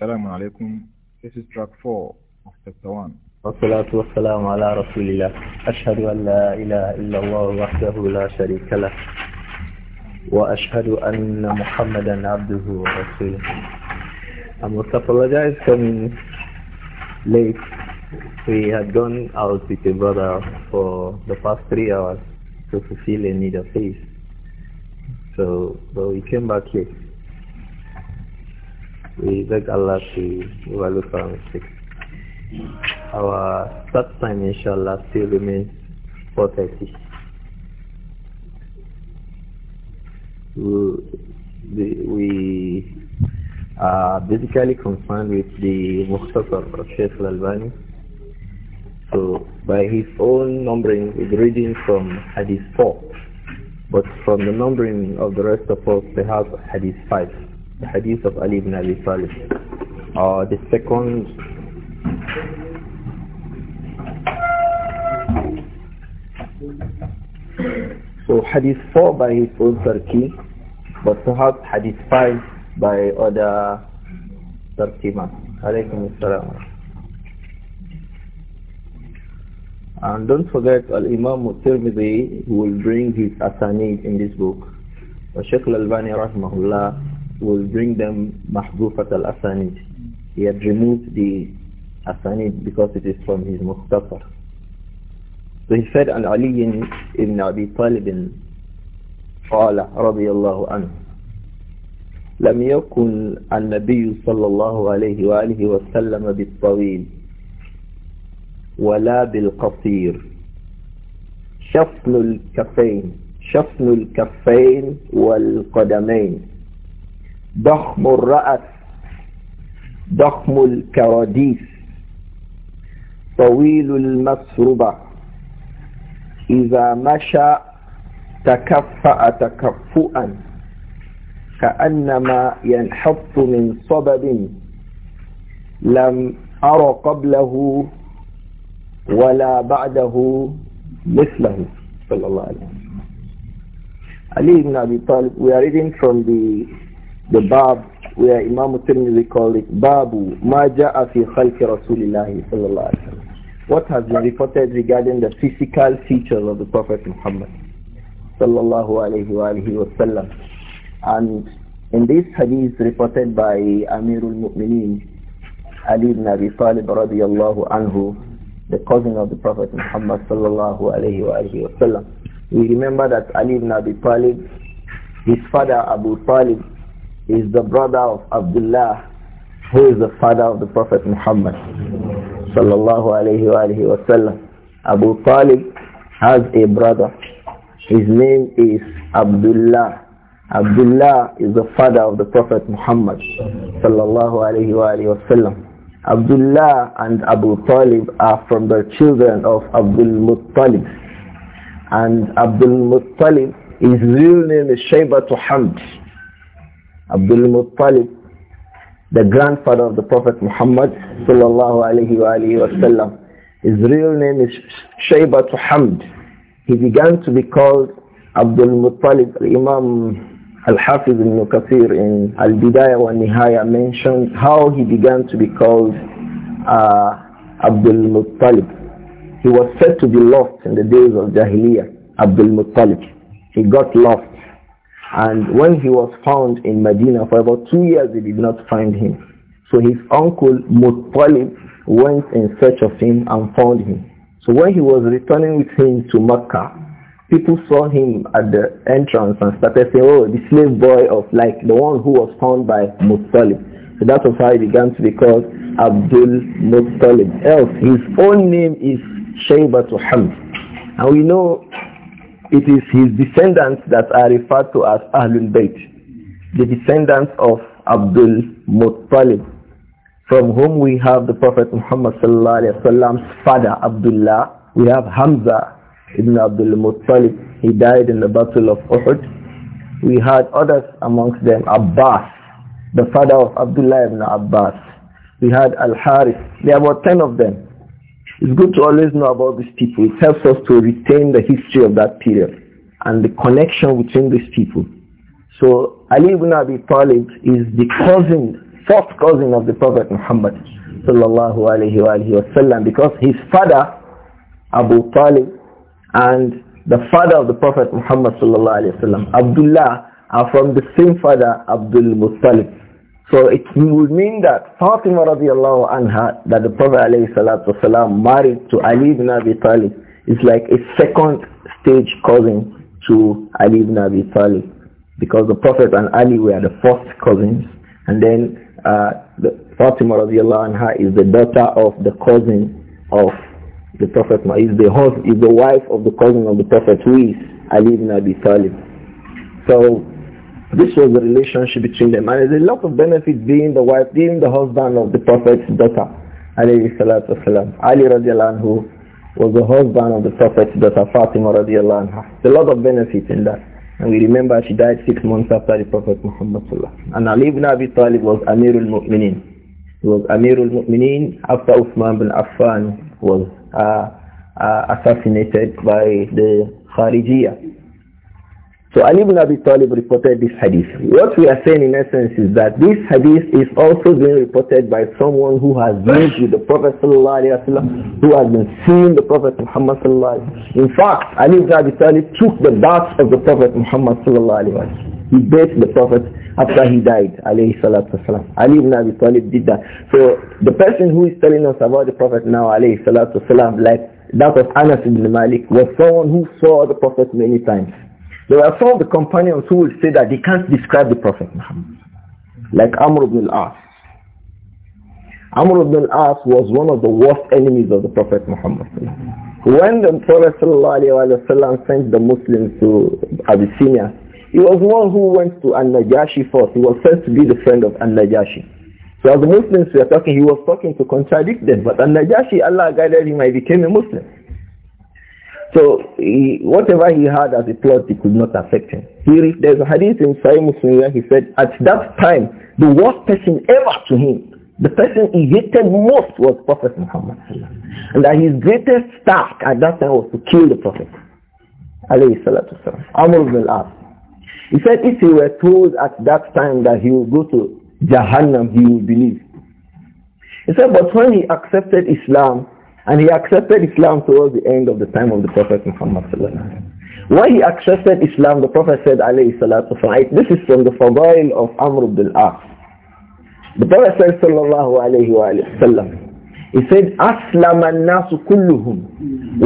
Assalamu alaikum. This is track 4 of chapter 1. والصلاة والسلام على رسول الله أشهد أن لا إله إلا الله وحده لا شريك له وأشهد أن محمدا عبده ورسوله I must apologize coming late we had gone out with a brother for the past three hours to fulfill a need of his so but we came back late we beg Allah to overlook our mistakes. Our start time, inshallah, still remains 4.30. We, we are basically concerned with the Mukhtasar of Sheikh Al-Albani. So by his own numbering, he's reading from Hadith 4. But from the numbering of the rest of us, perhaps Hadith 5 the hadith of Ali ibn Abi Talib, or uh, the second So hadith 4 by his own Turkey, but perhaps hadith 5 by other Turkey Alaykum as And don't forget Al-Imam Tirmidhi will bring his asanid in this book. وشيخ الألباني رحمه will bring them mahdufat al-asanid. He had removed the asanid because it is from his muqtasar. So he said an Ali ibn Abi Talib قال رضي الله عنه لم يكن النبي صلى الله عليه وآله وسلم بالطويل ولا بالقصير شفل الكفين شفل الكفين والقدمين ضخم الرأس ضخم الكراديس طويل المسربة إذا مشى تكفأ تكفؤا كأنما ينحط من صبب لم أر قبله ولا بعده مثله صلى الله عليه وسلم Ali ibn Abi Talib, we are reading from the the Bab where Imam Tirmidhi called it Babu Ma Ja'a Fi Khalki Rasulillahi Sallallahu What has been reported regarding the physical features of the Prophet Muhammad Sallallahu Alaihi Wasallam. And in this hadith reported by Amirul Mu'mineen Ali ibn Abi Talib radiallahu anhu, the cousin of the Prophet Muhammad sallallahu alayhi wa We remember that Ali ibn Abi Talib, his father Abu Talib is the brother of Abdullah, who is the father of the Prophet Muhammad. Sallallahu alayhi wa alayhi wa sallam. Abu Talib has a brother. His name is Abdullah. Abdullah is the father of the Prophet Muhammad. Sallallahu alayhi wa alayhi wa sallam. Abdullah and Abu Talib are from the children of Abdul Muttalib. And Abdul Muttalib, his real name is Shaybatu Hamd. Abdul Muttalib, the grandfather of the Prophet Muhammad sallallahu alaihi wa wasallam. His real name is Shayba Hamd. He began to be called Abdul Muttalib. Imam Al-Hafiz ibn Kathir in Al-Bidayah wa Nihaya mentioned how he began to be called uh, Abdul Muttalib. He was said to be lost in the days of Jahiliyyah, Abdul Muttalib. He got lost and when he was found in Medina for about two years, they did not find him. So his uncle Muttalib went in search of him and found him. So when he was returning with him to Mecca, people saw him at the entrance and started saying, oh, the slave boy of like the one who was found by Muttalib. So that was how he began to be called Abdul Muttalib. Else, his own name is Shaybatu Hamd. And we know it is his descendants that are referred to as Ahlul Bayt, the descendants of Abdul Muttalib, from whom we have the Prophet Muhammad sallallahu Wasallam's father Abdullah. We have Hamza ibn Abdul Muttalib. He died in the Battle of Uhud. We had others amongst them, Abbas, the father of Abdullah ibn Abbas. We had Al-Harith. There were ten of them. It's good to always know about these people. It helps us to retain the history of that period and the connection between these people. So Ali ibn Abi Talib is the cousin, fourth cousin of the Prophet Muhammad sallallahu alayhi wa wasallam because his father Abu Talib and the father of the Prophet Muhammad sallallahu alayhi wasallam Abdullah are from the same father Abdul Muttalib so it would mean that Fatima radiallahu anha, that the Prophet والسلام, married to Ali ibn Abi Talib, is like a second stage cousin to Ali ibn Abi Talib. Because the Prophet and Ali were the first cousins. And then uh, the, Fatima radiallahu anha is the daughter of the cousin of the Prophet, is the, host, is the wife of the cousin of the Prophet, who is Ali ibn Abi Talib. So this was the relationship between them. And there's a lot of benefit being the wife, being the husband of the Prophet's daughter. Alayhi salatu wasalam. Ali radiallahu anhu was the husband of the Prophet's daughter Fatima radiallahu anha. There's a lot of benefit in that. And we remember she died six months after the Prophet Muhammad And Ali ibn Abi Talib was Amirul Mu'minin. He was Amirul Mu'minin after Uthman bin Affan was uh, uh, assassinated by the Kharijiyah. So Ali ibn Abi Talib reported this hadith. What we are saying in essence is that this hadith is also being reported by someone who has lived with the Prophet وسلم, who has been seeing the Prophet Muhammad In fact, Ali ibn Abi Talib took the bath of the Prophet Muhammad He bathed the Prophet after he died alayhi salatu wasalam. Ali ibn Abi Talib did that. So the person who is telling us about the Prophet now alayhi salatu wasalam, like that of Anas ibn Malik, was someone who saw the Prophet many times. There were some of the companions who would say that they can't describe the Prophet Muhammad. Like Amr ibn al-As. Amr ibn al-As was one of the worst enemies of the Prophet Muhammad. When the Prophet ﷺ sent the Muslims to Abyssinia, he was one who went to An-Najashi first. He was said to be the friend of An-Najashi. So as the Muslims were talking, he was talking to contradict them. But An-Najashi, Allah guided him and he became a Muslim. So he, whatever he had as a plot, it could not affect him. He, there's a hadith in Sahih Muslim where he said, at that time, the worst person ever to him, the person he hated most was Prophet Muhammad. And that his greatest task at that time was to kill the Prophet. Amr ibn al-As. He said if he were told at that time that he would go to Jahannam, he would believe. He said, but when he accepted Islam, and he accepted Islam towards the end of the time of the Prophet Muhammad Why he accepted Islam, the Prophet said, salatu this is from the fadail of Amr ibn al-As. The Prophet said, sallallahu alayhi wa sallam, he said, أسلم الناس كلهم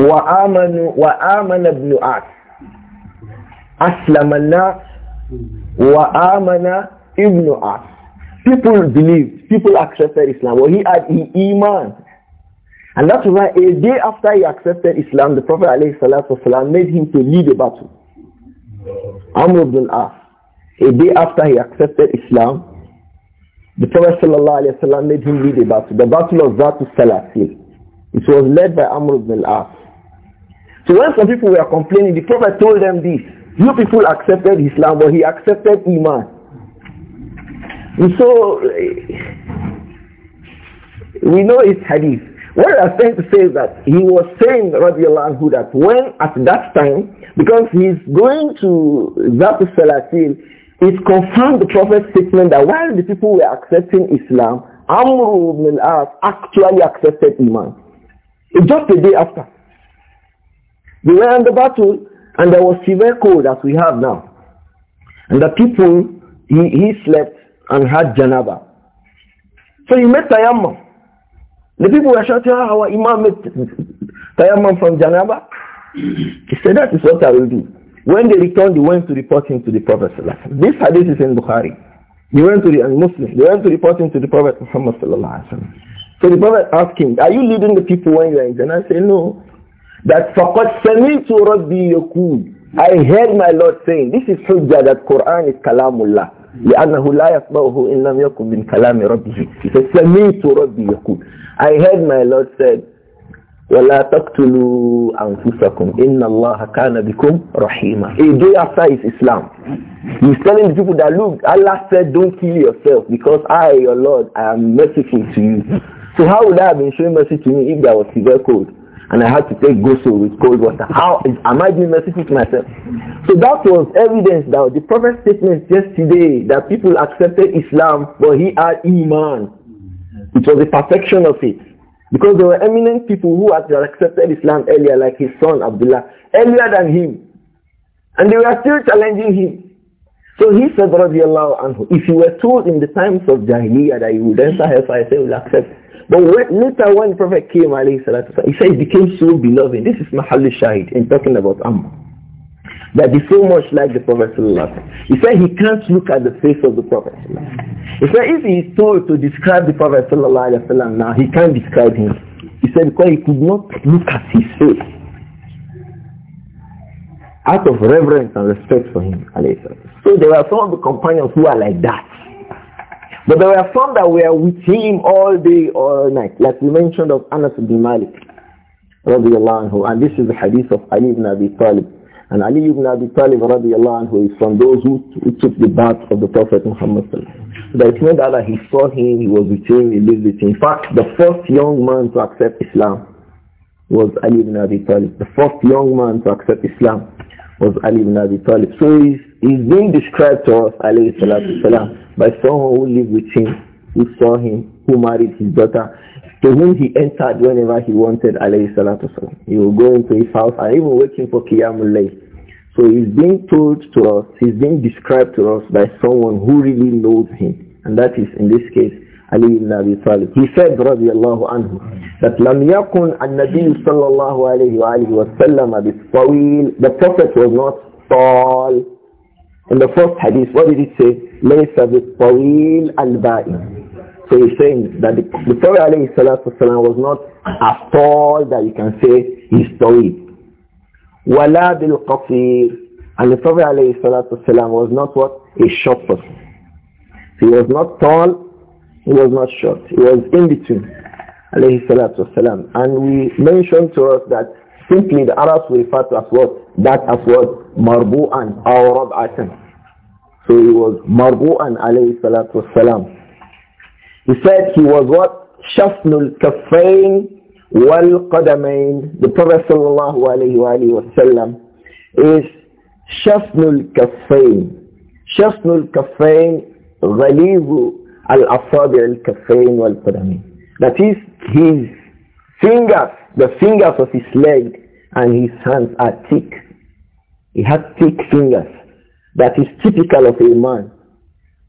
wa وآمن ابن عاص أسلم الناس وآمن ابن عاص People believed, people accepted Islam. Well, he had he, Iman, and that's why a day after he accepted Islam, the Prophet ﷺ made him to lead a battle. Amr ibn al-As. A day after he accepted Islam, the Prophet ﷺ made him lead a battle. The battle of Zatu Salasil. It was led by Amr ibn al-As. So when some people were complaining, the Prophet told them this. You people accepted Islam, but he accepted Iman. And so, we know it's hadith. What I am trying to say is that he was saying, radiallahu anhu, that when at that time, because he's going to Zatu Salasil, it confirmed the Prophet's statement that while the people were accepting Islam, Amr ibn al-As actually accepted Iman. It's just a day after. They were in the battle and there was severe cold as we have now. And the people, he, he slept and had janaba. So he met tayammum. The people were shouting, ah, our imam made from Janaba. He said, that is what I will do. When they returned, they went to report him to the Prophet. This hadith is in Bukhari. They went to the Muslim. They went to report him to the Prophet Muhammad So the Prophet asked him, are you leading the people when you are in Jannah? I said, no. That فَقَدْ سَمِعْتُ رَبِّي يَقُولُ I heard my Lord saying, this is hujjah that Quran is kalamullah. لأنه لا يسمعه إن لم يكن من كلام ربه فسمعت ربي يقول I heard my Lord said ولا تقتلوا أنفسكم إن الله كان بكم رحيما A day after is Islam He's telling the people that look Allah said don't kill yourself because I your Lord I am merciful to you So how would I have been showing mercy to me if there was severe cold and I had to take ghusl with cold water. How is, am I being merciful to myself? So that was evidence that the prophet's statement yesterday that people accepted Islam, but he had Iman. It was the perfection of it. Because there were eminent people who had accepted Islam earlier, like his son Abdullah, earlier than him. And they were still challenging him. So he said, radiallahu anhu, if you were told in the times of Jahiliyyah that you would enter hellfire, I will accept. But when, later when the Prophet came, salatu, he said he became so beloved. This is Mahal Shahid in talking about Amr. That is so much like the Prophet He said he can't look at the face of the Prophet He said if he is told to describe the Prophet now, he can't describe him. He said because he could not look at his face out of reverence and respect for him. So there were some of the companions who are like that. But there were some that were with him all day, all night. Like we mentioned of Anas ibn Malik, And this is the hadith of Ali ibn Abi Talib. And Ali ibn Abi Talib, radiallahu anhu, is from those who, took the bath of the Prophet Muhammad. So it's not that he saw him, he was with him, he lived with him. In fact, the first young man to accept Islam was Ali ibn Abi Talib. The first young man to accept Islam was Ali ibn Abi Talib. So he's is being described to us salam, by someone who lived with him, who saw him, who married his daughter, to whom he entered whenever he wanted salam. He would go into his house and even waiting him for Qiyamul Layl. So he's being told to us, he's being described to us by someone who really knows him. And that is in this case Ali ibn Abi Talib. He said رضي الله that لم يكن النبي صلى الله عليه وآله وسلم بالطويل The Prophet was not tall in the first hadith, what did it say? لَيْسَ بِالطَّوِيلِ الْبَائِمِ So he's saying that the, the Prophet was not as tall that you can say he's tall. وَلَا بِالْقَصِيرِ And the Prophet alayhi salatu was not what? A short person. He was not tall, he was not short. He was in between alayhi salatu And we mentioned to us that simply the Arabs refer to as what? That as what? marbu'an or rab'atan. So he was marbu'an alayhi salatu wasalam. He said he was what? Shafnul kaffain wal qadamain. The Prophet sallallahu alayhi wa wasallam is shafnul kaffain. Shafnul kaffain ghalibu al-asabi al-kaffain wal qadamain. That is his fingers, the fingers of his leg and his hands are thick. He had thick fingers. That is typical of a man.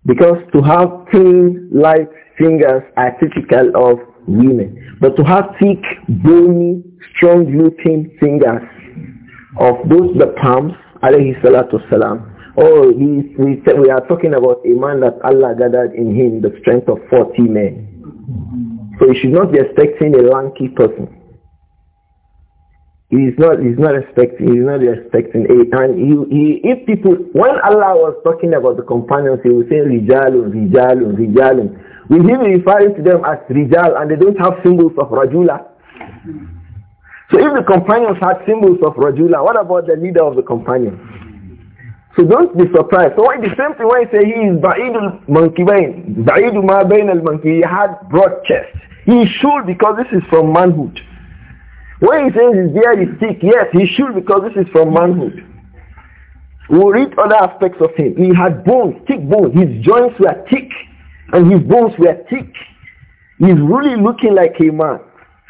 Because to have thin, light fingers are typical of women. But to have thick, bony, strong-looking fingers of those the palms, alayhi salatu salam. Oh, he, we, we are talking about a man that Allah gathered in him the strength of 40 men. So you should not be expecting a lanky person. He is not he's not expecting he's not expecting it. And he, he if people when Allah was talking about the companions, he was saying Rijalun, Rijalun, Rijalun. With be referring to them as Rijal and they don't have symbols of Rajula. So if the companions had symbols of Rajula, what about the leader of the companions? So don't be surprised. So why the same thing when he say he is Ba'idul man, Ba'idul Ma Bain al Manki, he had broad chest. He should because this is from manhood. When he says his beard is thick, yes, he should because this is from manhood. We will read other aspects of him. He had bones, thick bones. His joints were thick and his bones were thick. He's really looking like a man.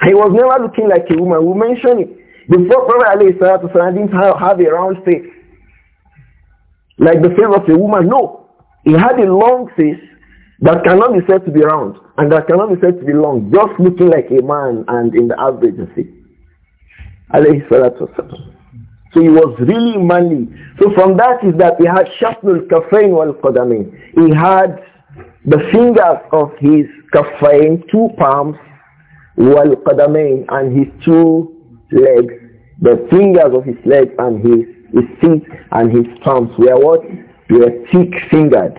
He was never looking like a woman. We mentioned it. Before Prophet Ali didn't have a round face. Like the face of a woman. No. He had a long face that cannot be said to be round and that cannot be said to be long. Just looking like a man and in the average of it alayhi salatu wasalam. So he was really manly. So from that is that he had shafnul kafain wal qadamin. He had the fingers of his kafain, two palms, wal qadamin, and his two legs. The fingers of his legs and his, his feet and his palms were what? They were thick-fingered.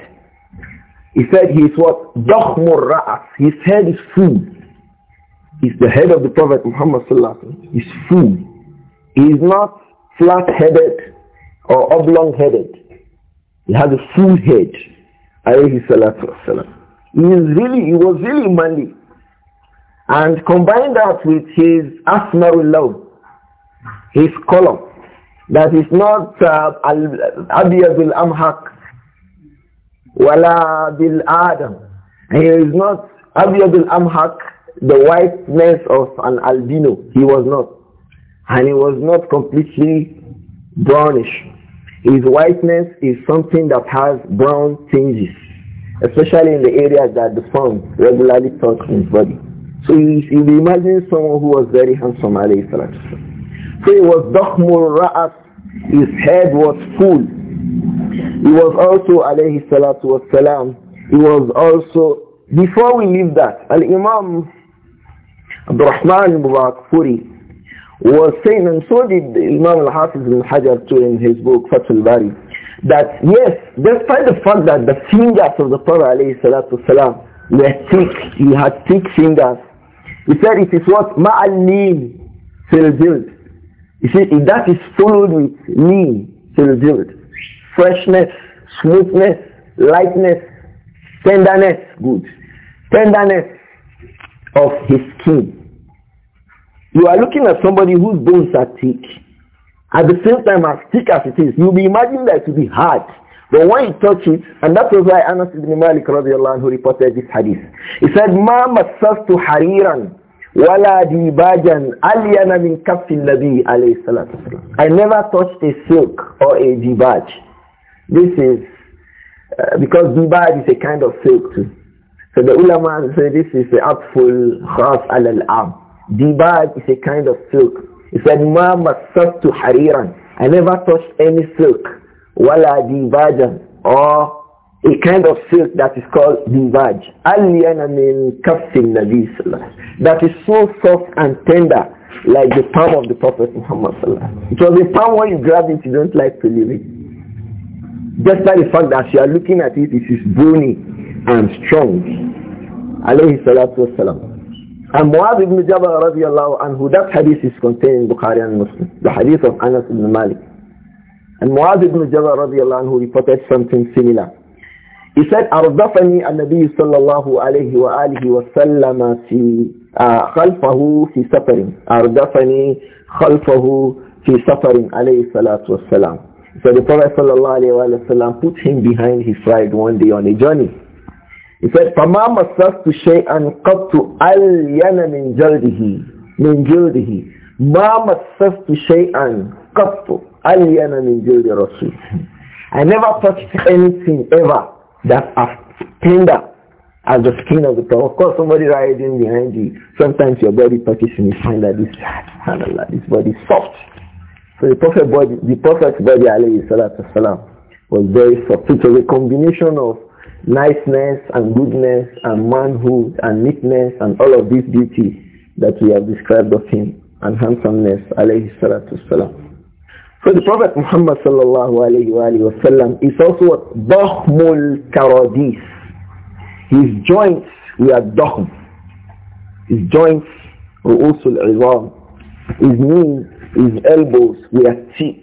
He said he's what? Dakhmur ra'as. His head is full is the head of the Prophet Muhammad sallallahu is full. He is not flat-headed or oblong-headed. He has a full head. Alayhi Sallallahu Alaihi He is really, he was really manly. And combine that with his asmarul lawn, his color, that is not uh, abiyad bil amhak wala bil adam. He is not abiyad amhak the whiteness of an albino. He was not. And he was not completely brownish. His whiteness is something that has brown tinges, especially in the areas that the sun regularly touches his body. So you, you imagine someone who was very handsome, alayhi Salat. So he was dakhmur ra'as, his head was full. He was also, alayhi salatu wasalam, he was also, before we leave that, Al-Imam Abdurrahman Mubarak Furi was saying, and so did Imam al-Hafiz al-Hajar too in his book Fatul Bari, that yes, despite the fact that the fingers of the Prophet والسلام, were thick, he had thick fingers, he said it is what ma'alim fil jild. said if that is followed with lean fil jild. Freshness, smoothness, lightness, tenderness, good. Tenderness, of his skin. You are looking at somebody whose bones are thick. At the same time, as thick as it is, you'll be imagining that it will be hard. But when you touch it, and that was why Anas ibn Malik radiallahu reported this hadith. He said, مَا مَسَّسْتُ Hariran, وَلَا دِيبَاجًا أَلْيَنَ مِنْ kafil النَّبِي alayhi salatu I never touched a silk or a dibaj. This is uh, because dibaj is a kind of silk too. So the ulama say this is the artful khas al-am. Divad is a kind of silk. He said, ma masattu hariran. I never touched any silk. Wala dibajan. Or a kind of silk that is called dibaj. Aliyana min kafin nabi That is so soft and tender like the palm of the Prophet Muhammad sallallahu It was the palm when you grab it, you don't like to leave it. Despite the fact that you are looking at it, it is bony and strong. Alayhi salatu wasalam. And Muaz ibn Jabal radiallahu anhu, that hadith is contained in Bukhari and Muslim, the hadith of Anas ibn Malik. And Muaz ibn Jabal radiallahu anhu reported something similar. He said, أردفني النبي صلى الله عليه وآله وسلم في خلفه في سفر أردفني خلفه في سفر عليه الصلاة والسلام. So the Prophet صلى الله عليه وسلم put him behind his ride one day on a journey. He said, فَمَا مَسَّسْتُ شَيْئًا قَبْتُ أَلْيَنَ مِنْ جَلْدِهِ مِنْ جِلْدِهِ مَا مَسَّسْتُ شَيْئًا قَبْتُ أَلْيَنَ مِنْ جِلْدِ رَسُولِهِ I never touched anything ever that as tender as the skin of the Prophet. Of course, somebody riding behind you. Sometimes your body touches and you find that this, subhanAllah, this body is soft. So the Prophet body, the Prophet's body, alayhi salatu salam, was very soft. It was a combination of niceness and goodness and manhood and neatness and all of these beauty that we have described of him and handsomeness alayhi salatu salam. So the Prophet Muhammad sallallahu alayhi wa, alayhi wa sallam, is also Dahmul Karadis. His joints were Dahm. His joints were also Izam. His knees, his elbows were thick.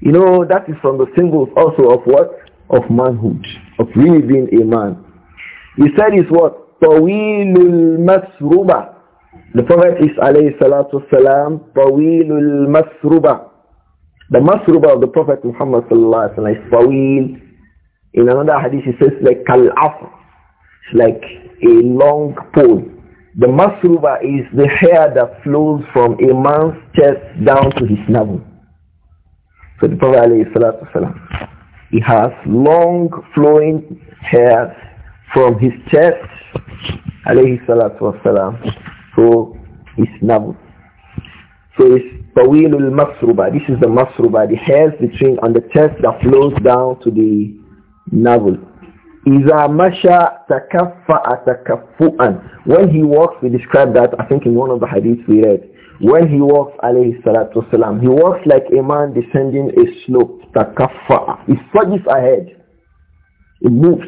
You know, that is from the symbols also of what? of manhood, of really being a man. He said is what? Tawilul masruba. The Prophet is alayhi salatu salam, Tawilul masruba. The masruba of the Prophet Muhammad sallallahu alayhi wa sallam is Tawil. In another hadith he says like kal'afr. It's like a long pole. The masruba is the hair that flows from a man's chest down to his navel. So the Prophet alayhi salatu salam. He has long flowing hair from his chest, alayhi salatu wasalam, to his navel. So it's Tawilul Masruba. This is the Masruba, the hairs between on the chest that flows down to the navel. Iza masha takaffa'a takaffu'an. When he walks, we describe that, I think in one of the hadiths we read. When he walks, alayhi salatu wasalam, he walks like a man descending a slope. He It surges ahead. It moves.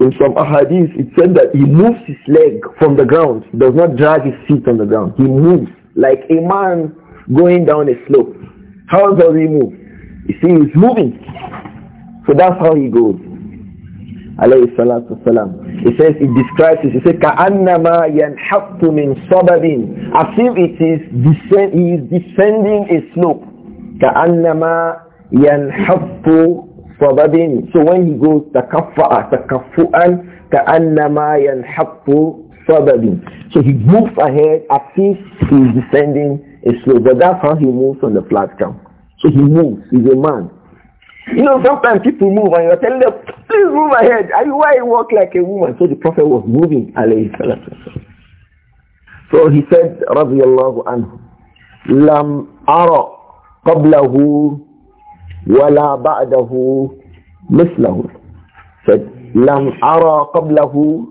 In some ahadith, it said that he moves his leg from the ground. He does not drag his feet on the ground. He moves like a man going down a slope. How does he move? You see, he's moving. So that's how he goes. Alayhi salatu salam. He says, it describes it. He says, كَأَنَّمَا يَنْحَطُ مِنْ صَبَبٍ As if it is, descend, he is descending a slope. كَأَنَّمَا ينحف صدد so when he goes تكفأ تكفؤا كأنما ينحف صدد so he moves ahead as if he is descending a slope but that's how he moves on the flat ground so he moves he's a man you know sometimes people move and you're telling them please move ahead are you why you walk like a woman so the prophet was moving so he said رضي الله عنه لم أرى قبله ولا بعده مثله said لم أرى قبله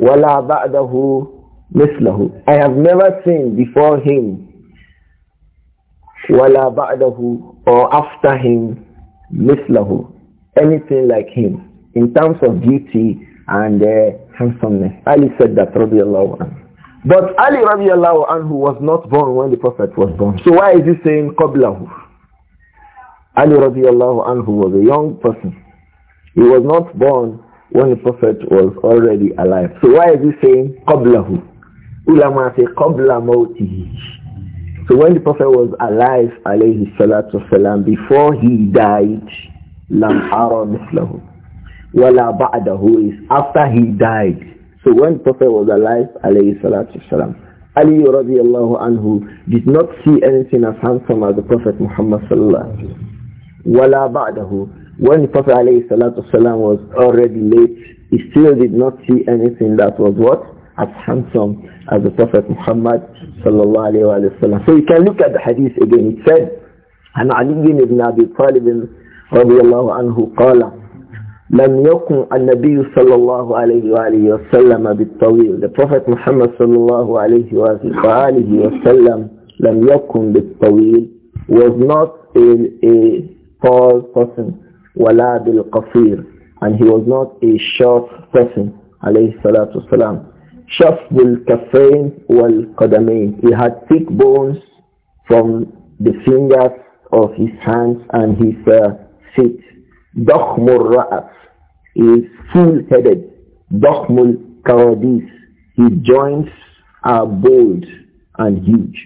ولا بعده مثله I have never seen before him ولا بعده or after him مثله anything like him in terms of beauty and uh, handsomeness Ali said that رضي الله عنه but Ali radiallahu anhu was not born when the Prophet was born. So why is he saying قبله? Ali radiallahu anhu was a young person. He was not born when the Prophet was already alive. So why is he saying qablahu? Ulama say qabla mawtihi. So when the Prophet was alive, alayhi salatu wasalam, before he died, lam ara mislahu. Wala ba'dahu is after he died. So when the Prophet was alive, alayhi salatu wasalam, Ali radiallahu anhu did not see anything as handsome as the Prophet Muhammad sallallahu wala ba'dahu. When the Prophet alayhi salatu wasalam was already late, he still did not see anything that was what? As handsome as the Prophet Muhammad sallallahu alayhi wasallam. So you can look at the hadith again. It said, عن علي بن أبي طالب رضي الله عنه قال لم يكن النبي صلى الله عليه وآله وسلم بالطويل The Prophet Muhammad صلى الله عليه وآله وسلم لم يكن بالطويل was not a, a tall person, wala bil qasir, and he was not a short person, alayhi salatu salam. Shaf bil kafain wal qadamain. He had thick bones from the fingers of his hands and his uh, feet. Dakhmul ra'af. He is full-headed. Dakhmul kawadis. His joints are bold and huge.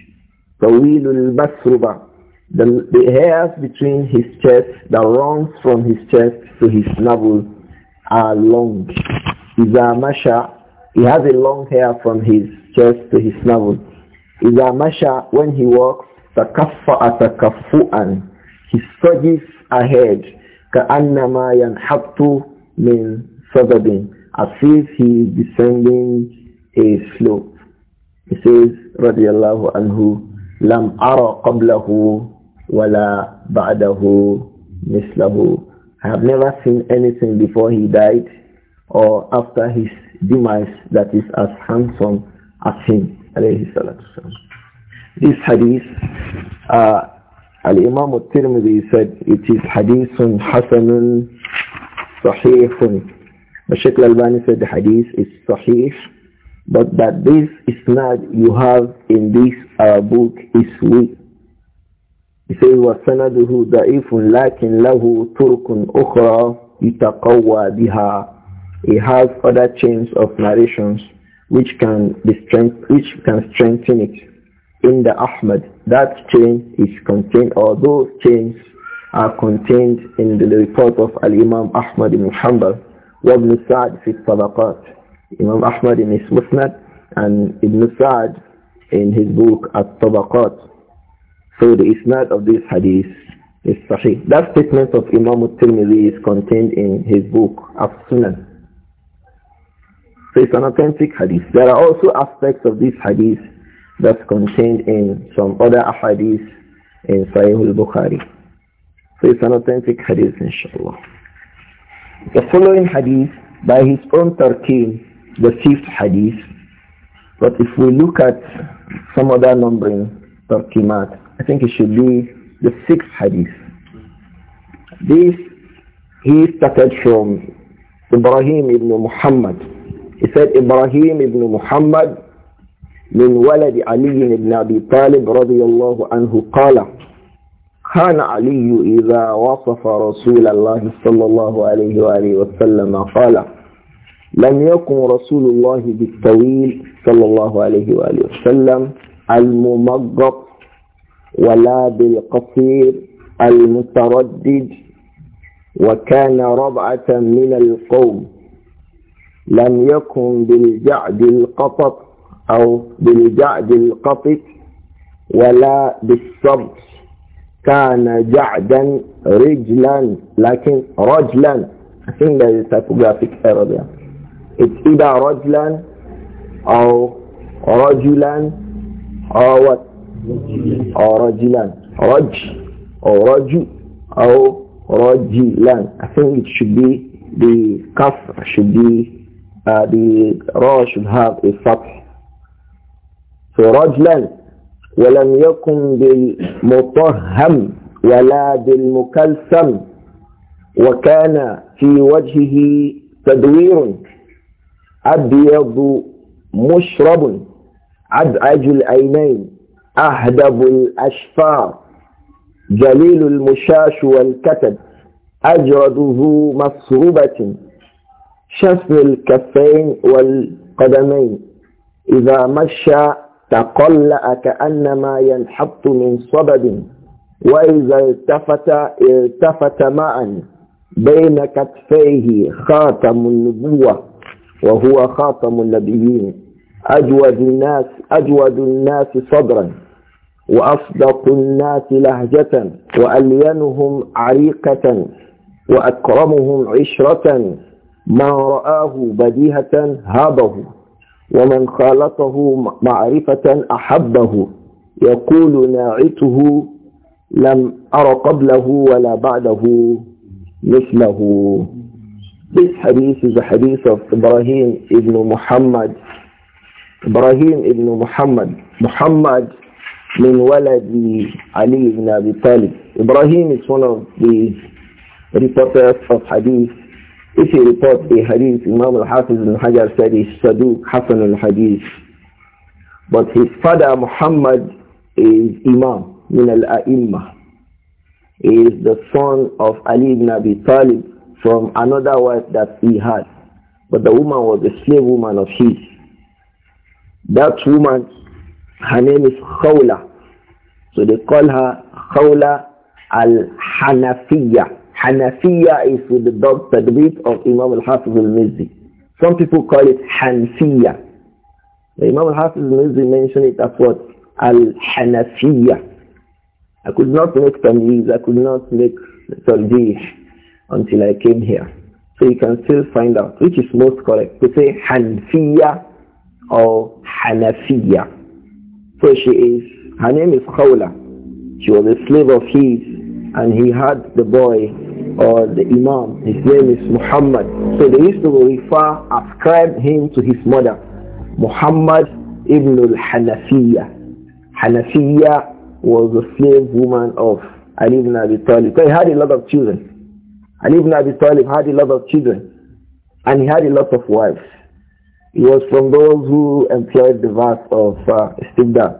Tawilul masruba the, the hairs between his chest that runs from his chest to his navel are long. Iza Masha, he has a long hair from his chest to his navel. Iza Masha, when he walks, takaffa'a takaffu'an. He surges ahead. Ka'annama yanhabtu min sadadin. As if he is descending a slope. He says, radiyallahu anhu, lam ara qablahu wala ba'dahu mislahu. I have never seen anything before he died or after his demise that is as handsome as him. This hadith, uh, Al-Imam al-Tirmidhi said it is hadithun hasanun sahihun. The Sheikh al-Albani said the hadith is sahih, but that this isnad you have in this uh, book is weak. He says, وَسَنَدُهُ ضَعِيفٌ لَكِنْ لَهُ تُرْكٌ أُخْرَى يُتَقَوَّى بِهَا He has other chains of narrations which can, be strength, which can strengthen it. In the Ahmad, that chain is contained, or those chains are contained in the report of Al-Imam Ahmad ibn Hanbal وابن سعد في الطبقات Imam Ahmad in his Musnad and Ibn Sa'd in his book At-Tabaqat so the isnad of this hadith is sahih. That statement of Imam al-Tirmidhi is contained in his book, As-Sunan. So it's an authentic hadith. There are also aspects of this hadith that's contained in some other hadith in Sahih al-Bukhari. So it's an authentic hadith, inshallah. The following hadith, by his own tarqim, the fifth hadith, but if we look at some other numbering, tarqimat, I think it should be the sixth hadith. This, he started from Ibrahim ibn Muhammad. He said, Ibrahim ibn Muhammad من ولد علي بن أبي طالب رضي الله عنه قال كان علي إذا وصف رسول الله صلى الله عليه وآله وسلم قال لم يكن رسول الله بالطويل صلى الله عليه وآله وسلم الممغط ولا بالقصير المتردد وكان ربعة من القوم لم يكن بالجعد القطط أو بالجعد القطط ولا بالصبت كان جعدا رجلا لكن رجلا I think there is typographic error there. It's either رجلا أو رجلا أو what rajilan raj or raju or rajilan I think it should be the kaf should be uh, the ra should have a fath. So rajulan ولم يكن بالمطهم ولا بالمكلسم وكان في وجهه تدوير أبيض مشرب عد عجل العينين أهدب الأشفار جليل المشاش والكتب أجرد ذو مصروبة شفن الكفين والقدمين إذا مشى تقلأ كأنما ينحط من صبب وإذا التفت التفت معا بين كتفيه خاتم النبوة وهو خاتم النبيين أجود الناس أجود الناس صدرا وأصدق الناس لهجة وألينهم عريقة وأكرمهم عشرة من رآه بديهة هابه ومن خالطه معرفة أحبه يقول ناعته لم أر قبله ولا بعده مثله This hadith is a hadith of Ibrahim ibn Muhammad. Ibrahim ibn Muhammad. Muhammad min waladi Ali ibn Abi Talib. Ibrahim is one of the reporters of hadith. If he reports a hadith, Imam al-Hafiz al-Hajar said is Saduq Hassan al-Hadith. But his father Muhammad is Imam min al-A'immah. He is the son of Ali ibn Abi Talib from another wife that he had. But the woman was a slave woman of his. That woman her name is Khawla. So they call her Khawla al-Hanafiya. Hanafiya is with the dog tadbit of Imam al-Hafiz al-Mizzi. Some people call it Hanfiya. The Imam al-Hafiz al-Mizzi mentioned it as what? Al-Hanafiya. I could not make tamyiz, I could not make tarjih until I came here. So you can still find out which is most correct. To say Hanfiya or Hanafiyah. So she is, her name is Khawla. She was a slave of his and he had the boy or the imam. His name is Muhammad. So they used to refer, ascribe him to his mother, Muhammad ibn al-Hanafiya. Hanafiya was a slave woman of Ali ibn Abi Talib. So he had a lot of children. Ali ibn Abi Talib had a lot of children and he had a lot of wives. He was from those who employed the verse of uh,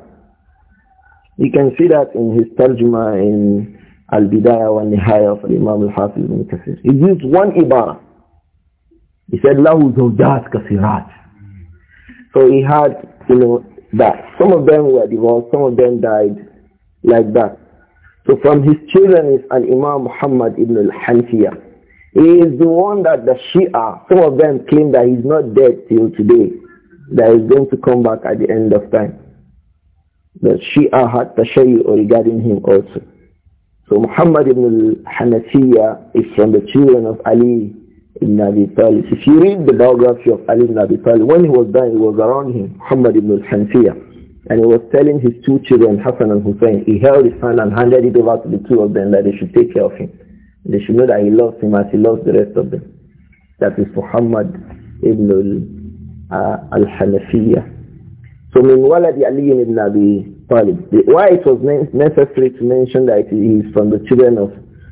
You can see that in his tarjuma in Al-Bidayah wa Nihaya of Imam al-Hafiz ibn Kathir. He used one ibara. He said, lahu zawjat kathirat. So he had, you know, that. Some of them were divorced, some of them died like that. So from his children is Al-Imam Muhammad ibn al-Hanfiyah. He is the one that the Shia, some of them claim that he's not dead till today, that he's going to come back at the end of time. The Shia had Tashayu regarding him also. So Muhammad ibn al-Hanafiya is from the children of Ali ibn Abi Talib. If you read the biography of Ali ibn Abi Talib, when he was dying, it was around him, Muhammad ibn al-Hanafiya. And he was telling his two children, Hassan and Hussein, he held his hand and handed it over to the two of them that they should take care of him. They should know that he loves him as he loves the rest of them. That is Muhammad ibn uh, al-Hanafiyyah. so min waladi Ali ibn Abi Talib. why it was necessary to mention that he is from the children of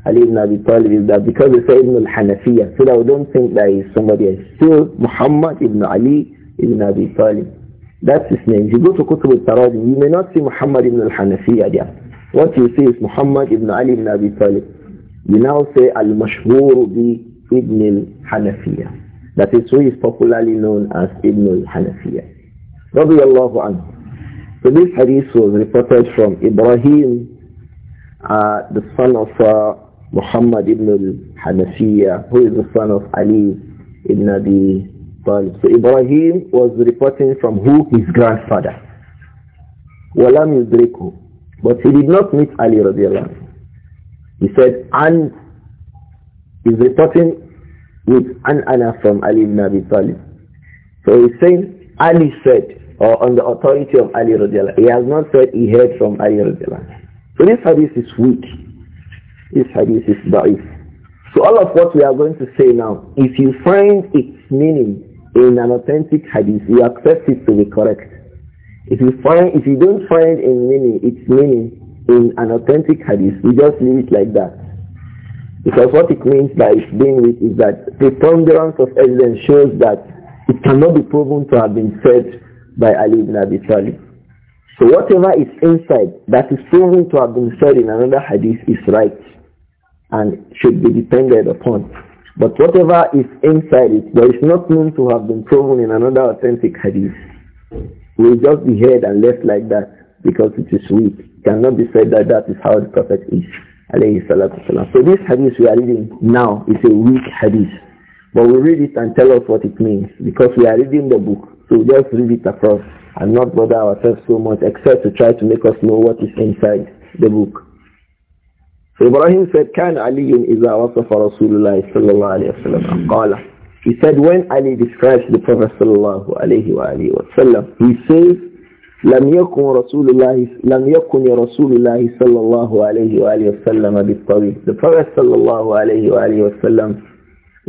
Ali ibn Abi Talib is that because they say Ibn al-Hanafiyyah, so that we don't think that he is somebody else. Still Muhammad ibn Ali ibn Abi Talib. That's his name. If you go to Qutb al-Taradi, you may not see Muhammad ibn al-Hanafiyyah there. What you see is Muhammad ibn Ali ibn Abi Talib. You now say al-mashhur bi Ibn al-Hanafiya. That is who is popularly known as Ibn al-Hanafiya. Radiallahu anhu. So this hadith was reported from Ibrahim, uh, the son of uh, Muhammad ibn al-Hanafiya, who is the son of Ali ibn Abi Talib. So Ibrahim was reporting from who? His grandfather. Walam yudriku. But he did not meet Ali radiallahu he said, An is reporting with an ana from Ali ibn Abi Talib. So he's saying, Ali said, or on the authority of Ali radiallahu He has not said he heard from Ali radiallahu So this hadith is weak. This hadith is da'if. So all of what we are going to say now, if you find its meaning in an authentic hadith, you accept it to be correct. If you find, if you don't find in meaning, its meaning, in an authentic hadith, we just leave it like that. Because what it means by being with is that preponderance of evidence shows that it cannot be proven to have been said by Ali ibn Abi Talib. So whatever is inside that is proven to have been said in another hadith is right and should be depended upon. But whatever is inside it that is not known to have been proven in another authentic hadith will just be heard and left like that because it is weak. It cannot be said that that is how the Prophet is. So this hadith we are reading now is a weak hadith. But we read it and tell us what it means because we are reading the book. So just read it across and not bother ourselves so much except to try to make us know what is inside the book. So Ibrahim said, "Can Ali إذا He said when Ali describes the Prophet he says لم يكن رسول الله لم يكن رسول الله صلى الله عليه وآله وسلم بالطويل. The Prophet صلى الله عليه وآله وسلم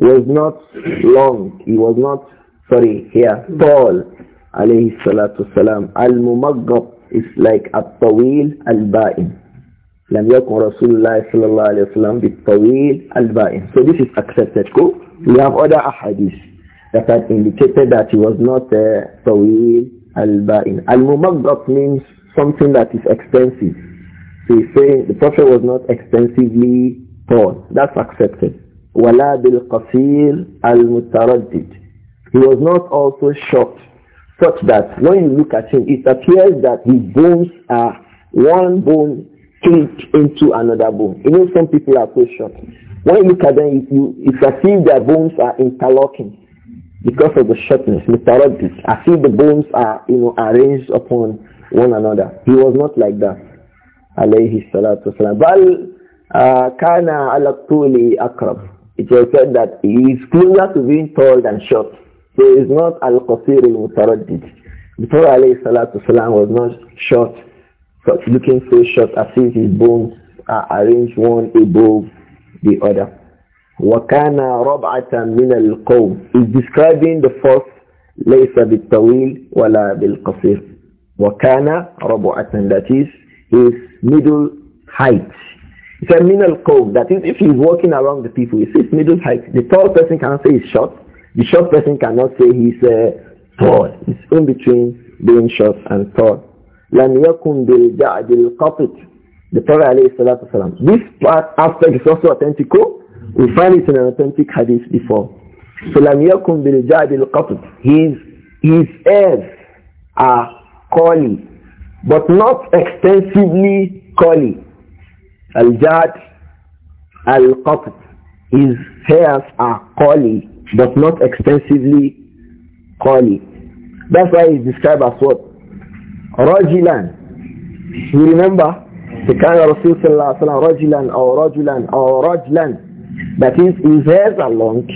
was not long. He was not sorry here yeah, tall. عليه الصلاة والسلام. الممغب is like الطويل البائن. لم يكن رسول الله صلى الله عليه وسلم بالطويل البائن. So this is accepted. Cool? We have other ahadith that had indicated that he was not a uh, طويل al-ba'in. Al-mumagghat means something that is expensive. So he's saying the Prophet was not extensively torn. That's accepted. bil-qasir al الْمُتَرَدِّدِ He was not also short, such that when you look at him, it appears that his bones are one bone clipped into another bone. You know some people are so short. When you look at them, you, it's as if their bones are interlocking because of the shortness, mutaraddi, I see the bones are, you know, arranged upon one another. He was not like that. Alayhi salatu wasalam. Bal uh, kana ala tuli akrab. It was said that he is closer to being tall than short. So he not al-qasir al-mutaraddid. The Prophet alayhi salatu wasalam was not short, but looking so short I see his bones are arranged one above the other. وَكَانَ رَبْعَةً مِنَ الْقَوْمِ is describing the first لَيْسَ بِالْطَوِيلِ وَلَا بِالْقَصِيرِ وَكَانَ رَبْعَةً that is his middle height. It's a min al-qawm is if he's walking around the people, he his middle height. The tall person can say he's short. The short person cannot say he's uh, tall. It's in between being short and tall. لَمْ يَكُنْ بِالْجَعْدِ الْقَطِطِ The Prophet This part aspect is also authentical we find it in an authentic hadith before. فَلَمْ يَكُمْ بِالْجَعْدِ الْقَطْبِ His, his heirs are curly, but not extensively curly. Al-Jad al His hairs are curly, but not extensively curly. That's why he's described as what? Rajilan. You remember? The kind of Rasul Sallallahu Alaihi Wasallam, Rajilan or Rajulan or Rajlan. That is, his hairs are long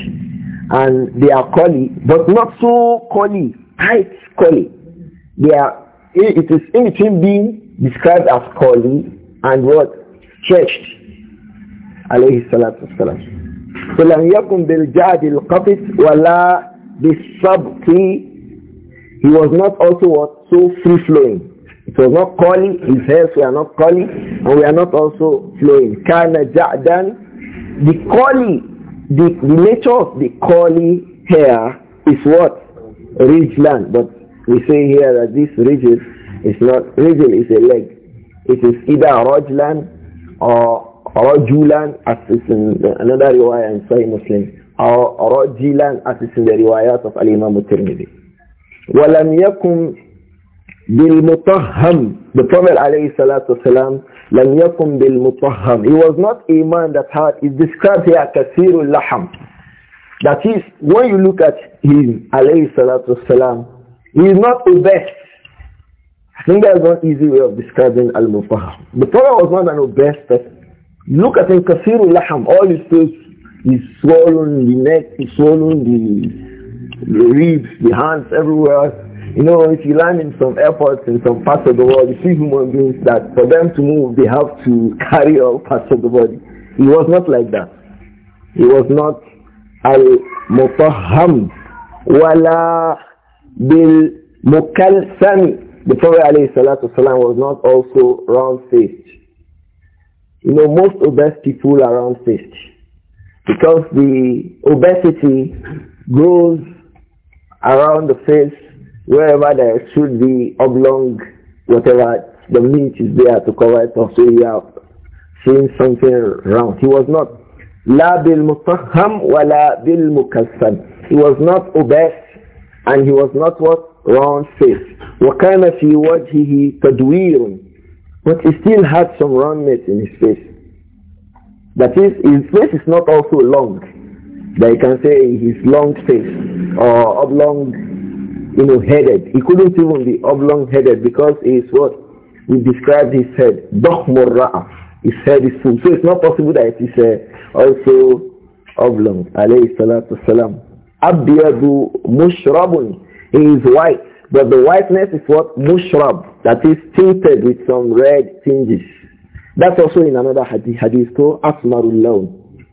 and they are curly, but not so curly, tight curly. They are, it is in between being described as curly and what? Stretched. Alayhi salatu wasalam. فلم يكن بالجعد القفص ولا بالسبط he was not also what so free flowing it was not curly his hairs were not curly and we are not also flowing كان جعدا the curly, the, the nature of the curly hair is what? land. But we say here that this ridge is not, ridge it's a leg. It is either a ridge land or land, as is in another riwayah in Sahih Muslim. Or land, as is in the riwayat of Al-Imam al-Tirmidhi. ولم يكن بالمطهم. The Prophet alayhi salatu wasalam, لم يكن بالمطهم. He was not a man that had, He described here كثير اللحم. That is, when you look at him alayhi salatu wasalam, he is not obese. I think that's one easy way of describing al-mutahham. The Prophet was not an obese person. Look at him, كثير اللحم. All his face is swollen, the neck is swollen, the, the ribs, the hands everywhere. You know, if you land in some airports in some parts of the world, you see human beings that for them to move, they have to carry all parts of the body. He was not like that. He was not al-mutahham wala bil-mukalsami. The Prophet alayhi salatu was not also round-faced. You know, most obese people are round-faced because the obesity grows around the face wherever there should be oblong, whatever the meat is there to cover it or So you have seen something round. He was not la bil mutaham wa la bil mukassam. He was not obese and he was not what round face. وكان في وجهه تدوير but he still had some roundness in his face. That is, his face is not also long. They can say his long face or oblong you know, headed. He couldn't even be oblong-headed because it's what? We described his head. Dokhmurra'a. His head is full. So it's not possible that it is uh, also oblong. Alayhi salatu salam. Abiyadu mushrabun. He is white. But the whiteness is what? Mushrab. That is tinted with some red tinges. That's also in another hadith, hadith called Asmarul Lawn.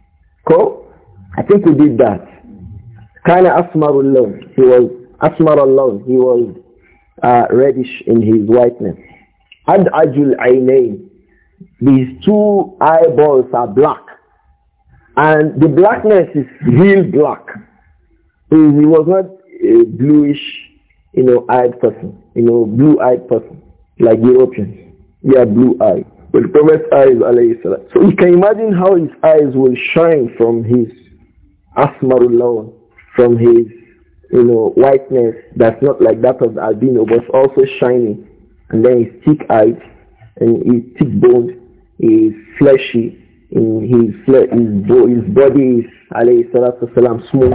Cool? I think we did that. Kana Asmarul Lawn. He was Asmar alone, he was uh, reddish in his whiteness. And Ajul Ainain, these two eyeballs are black. And the blackness is real black. He was not a bluish, you know, eyed person, you know, blue-eyed person, like Europeans. They had blue eyes. But the Prophet's eyes, alayhi salam. So you can imagine how his eyes will shine from his Asmarullah, from his you know, whiteness that's not like that of the albino, but also shiny. And then he's thick-eyed and he's thick-boned, he's fleshy, And his, his, body is, alayhi salatu salam, smooth.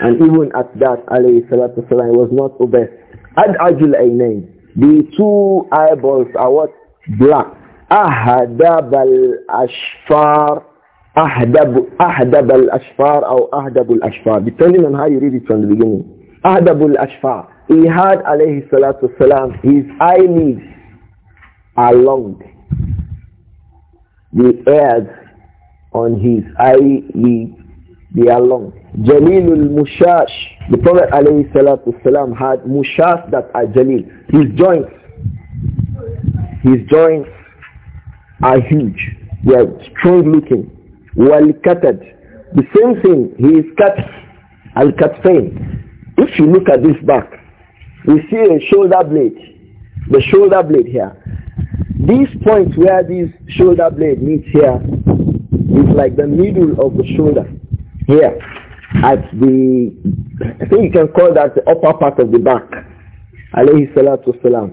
And even at that, alayhi salatu salam, was not obese. Ad ajil ainain. The two eyeballs are what? Black. Ahadab al-ashfar أهدب أهدب الأشفار أو أهدب الأشفار depending on how you read it from the beginning أهدب الأشفار he had عليه الصلاة والسلام his eyelids are long the hairs on his eyelids they are long Jalilul Mushash the Prophet عليه الصلاة والسلام had mushash that are jalil his joints his joints are huge they are strong looking Wal-katad. The same thing, he is cut, al-katfain. If you look at this back, we see a shoulder blade, the shoulder blade here. These points where this shoulder blade meets here is like the middle of the shoulder here at the, I think you can call that the upper part of the back. Alayhi salatu salam.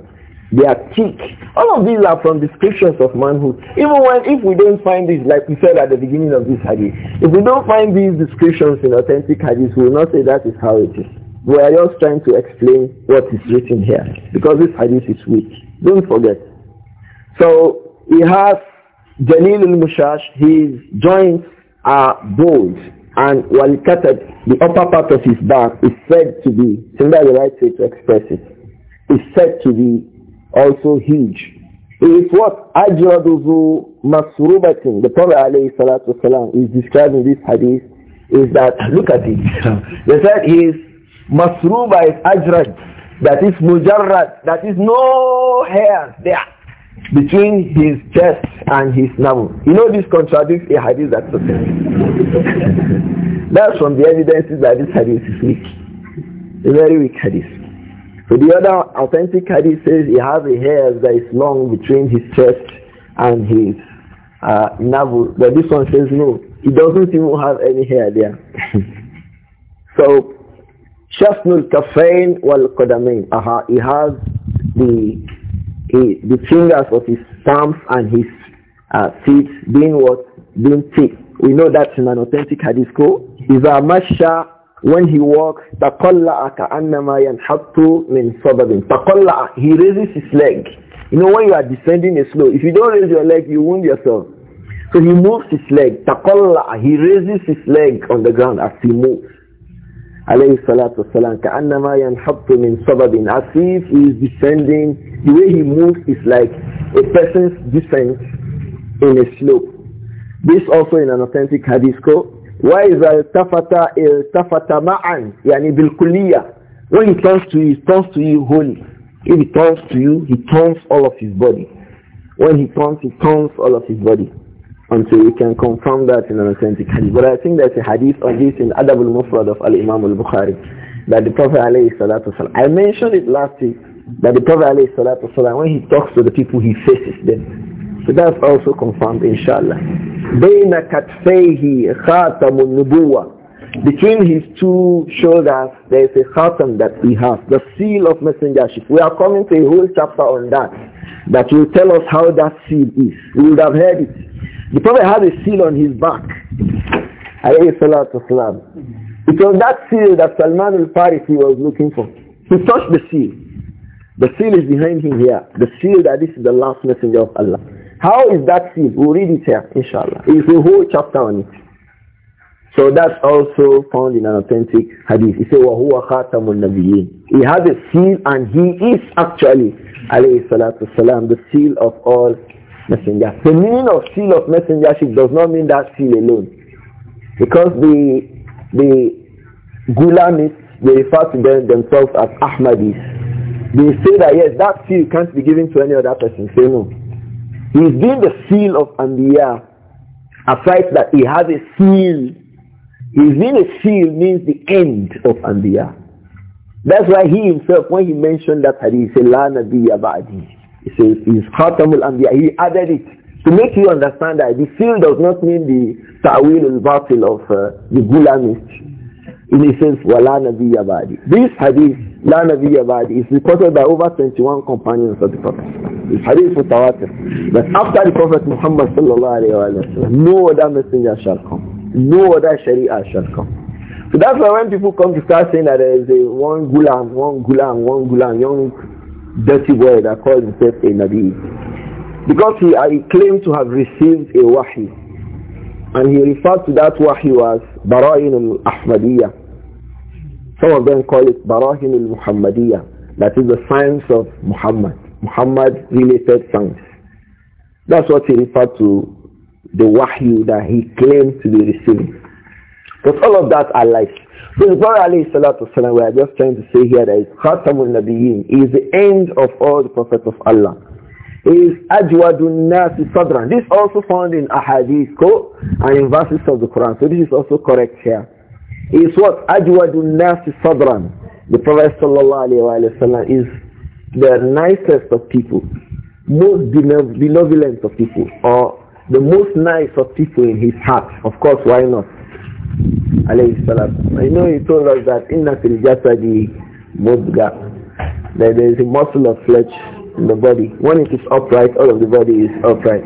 They are thick. All of these are from descriptions of manhood. Even when, if we don't find these, like we said at the beginning of this hadith, if we don't find these descriptions in authentic hadith, we will not say that is how it is. We are just trying to explain what is written here because this hadith is weak. Don't forget. So he has Jalil al-Mushash, his joints are bold and walikatat, the upper part of his back is said to be, so that's the right way to express it, is said to be also huge. It is what ajraduzu masrubatin. The Prophet is describing this hadith is that look at it. they said is masruba is ajrad. That is mujarrad. That is no hair there between his chest and his navel. You know this contradicts a hadith that's okay. that's from the evidences that this hadith is weak. A very weak hadith. So the other authentic hadith says he has a hair that is long between his chest and his uh, navel. But this one says no, he doesn't even have any hair there. so Shafnul Kafain wal Qadamain. Aha, he has the he, the fingers of his thumbs and his uh, feet being what being thick. We know that in an authentic hadith. Is a masha when he walks, تَقَلَّعَ كَأَنَّمَا يَنْحَطُ min sababīn. تَقَلَّعَ He raises his leg. You know, when you are descending a slope, if you don't raise your leg, you wound yourself. So he moves his leg. تَقَلَّعَ He raises his leg on the ground as he moves. عليه salatu والسلام كأنما ينحط min sababīn. as if he is descending. The way he moves is like a person's descent in a slope. This also in an authentic hadith code. وإذا التفت التفت معا يعني بالكلية when he turns to you he turns to you wholly if he turns to you he turns all of his body when he turns he turns all of his body until we can confirm that in an authentic hadith but I think there's a hadith on this in Adab al-Mufrad of Al-Imam al-Bukhari that the Prophet alayhi salatu I mentioned it last week that the Prophet alayhi salatu when he talks to the people he faces them so that's also confirmed, inshallah. بَيْنَ كَتْفَيْهِ خَاتَمُ النُّبُوَّةِ Between his two shoulders, there is a khatam that he has, the seal of messengership. We are coming to a whole chapter on that, that will tell us how that seal is. We would have heard it. The Prophet had a seal on his back, alayhi It was that seal that Salman al-Farisi was looking for. He touched the seal. The seal is behind him here. The seal that this is the last messenger of Allah. How is that seal? We'll read it here, inshallah. It's a whole chapter on it. So that's also found in an authentic hadith. He said, وَهُوَ خَاتَمُ النَّبِيِّينَ He has a seal and he is actually, alayhi salatu salam, the seal of all messengers. The meaning of seal of messengership does not mean that seal alone. Because the, the Gulamis, they refer to them, themselves as Ahmadis. They say that, yes, that seal can't be given to any other person. Say no. He's doing the seal of Anbiya, fact that he has a seal. He's doing a seal means the end of Anbiya. That's why he himself, when he mentioned that hadith, he said, La Nabiya Ba'di. He says, he's Khatamul Anbiya. He added it to make you understand that the seal does not mean the ta'wil al-batil of uh, the Gulamist. a sense, Wala Nabiya Ba'di. This hadith La Nabiyya Ba'di is reported by over 21 companions of the Prophet. It's hadith mutawatir. But after the Prophet Muhammad sallallahu alayhi wa no other messenger shall come. No other sharia shall come. So that's why when people come to start saying that there is a one gulam, one gulam, one gulam, young dirty boy that calls himself a Nabi. Because he, claimed to have received a Wahy, And he referred to that Wahy as Bara'in al-Ahmadiyya. Some of them call it Barahin al-Muhammadiyah. That is the science of Muhammad. Muhammad related science. That's what he referred to the wahyu that he claimed to be receiving. But all of that are lies. So the Prophet we are just trying to say here that Khatamul Nabiyyin is the end of all the prophets of Allah. He is Ajwadun Nasi Sadran. This also found in Ahadith and in verses of the Quran. So this is also correct here is what ajwadu nasi sadran. The Prophet sallallahu alaihi wasallam is the nicest of people, most benevolent of people, or the most nice of people in his heart. Of course, why not? Alayhi salam. I know he told us that inna fil jasadi mudga. That there is a muscle of flesh in the body. When it is upright, all of the body is upright.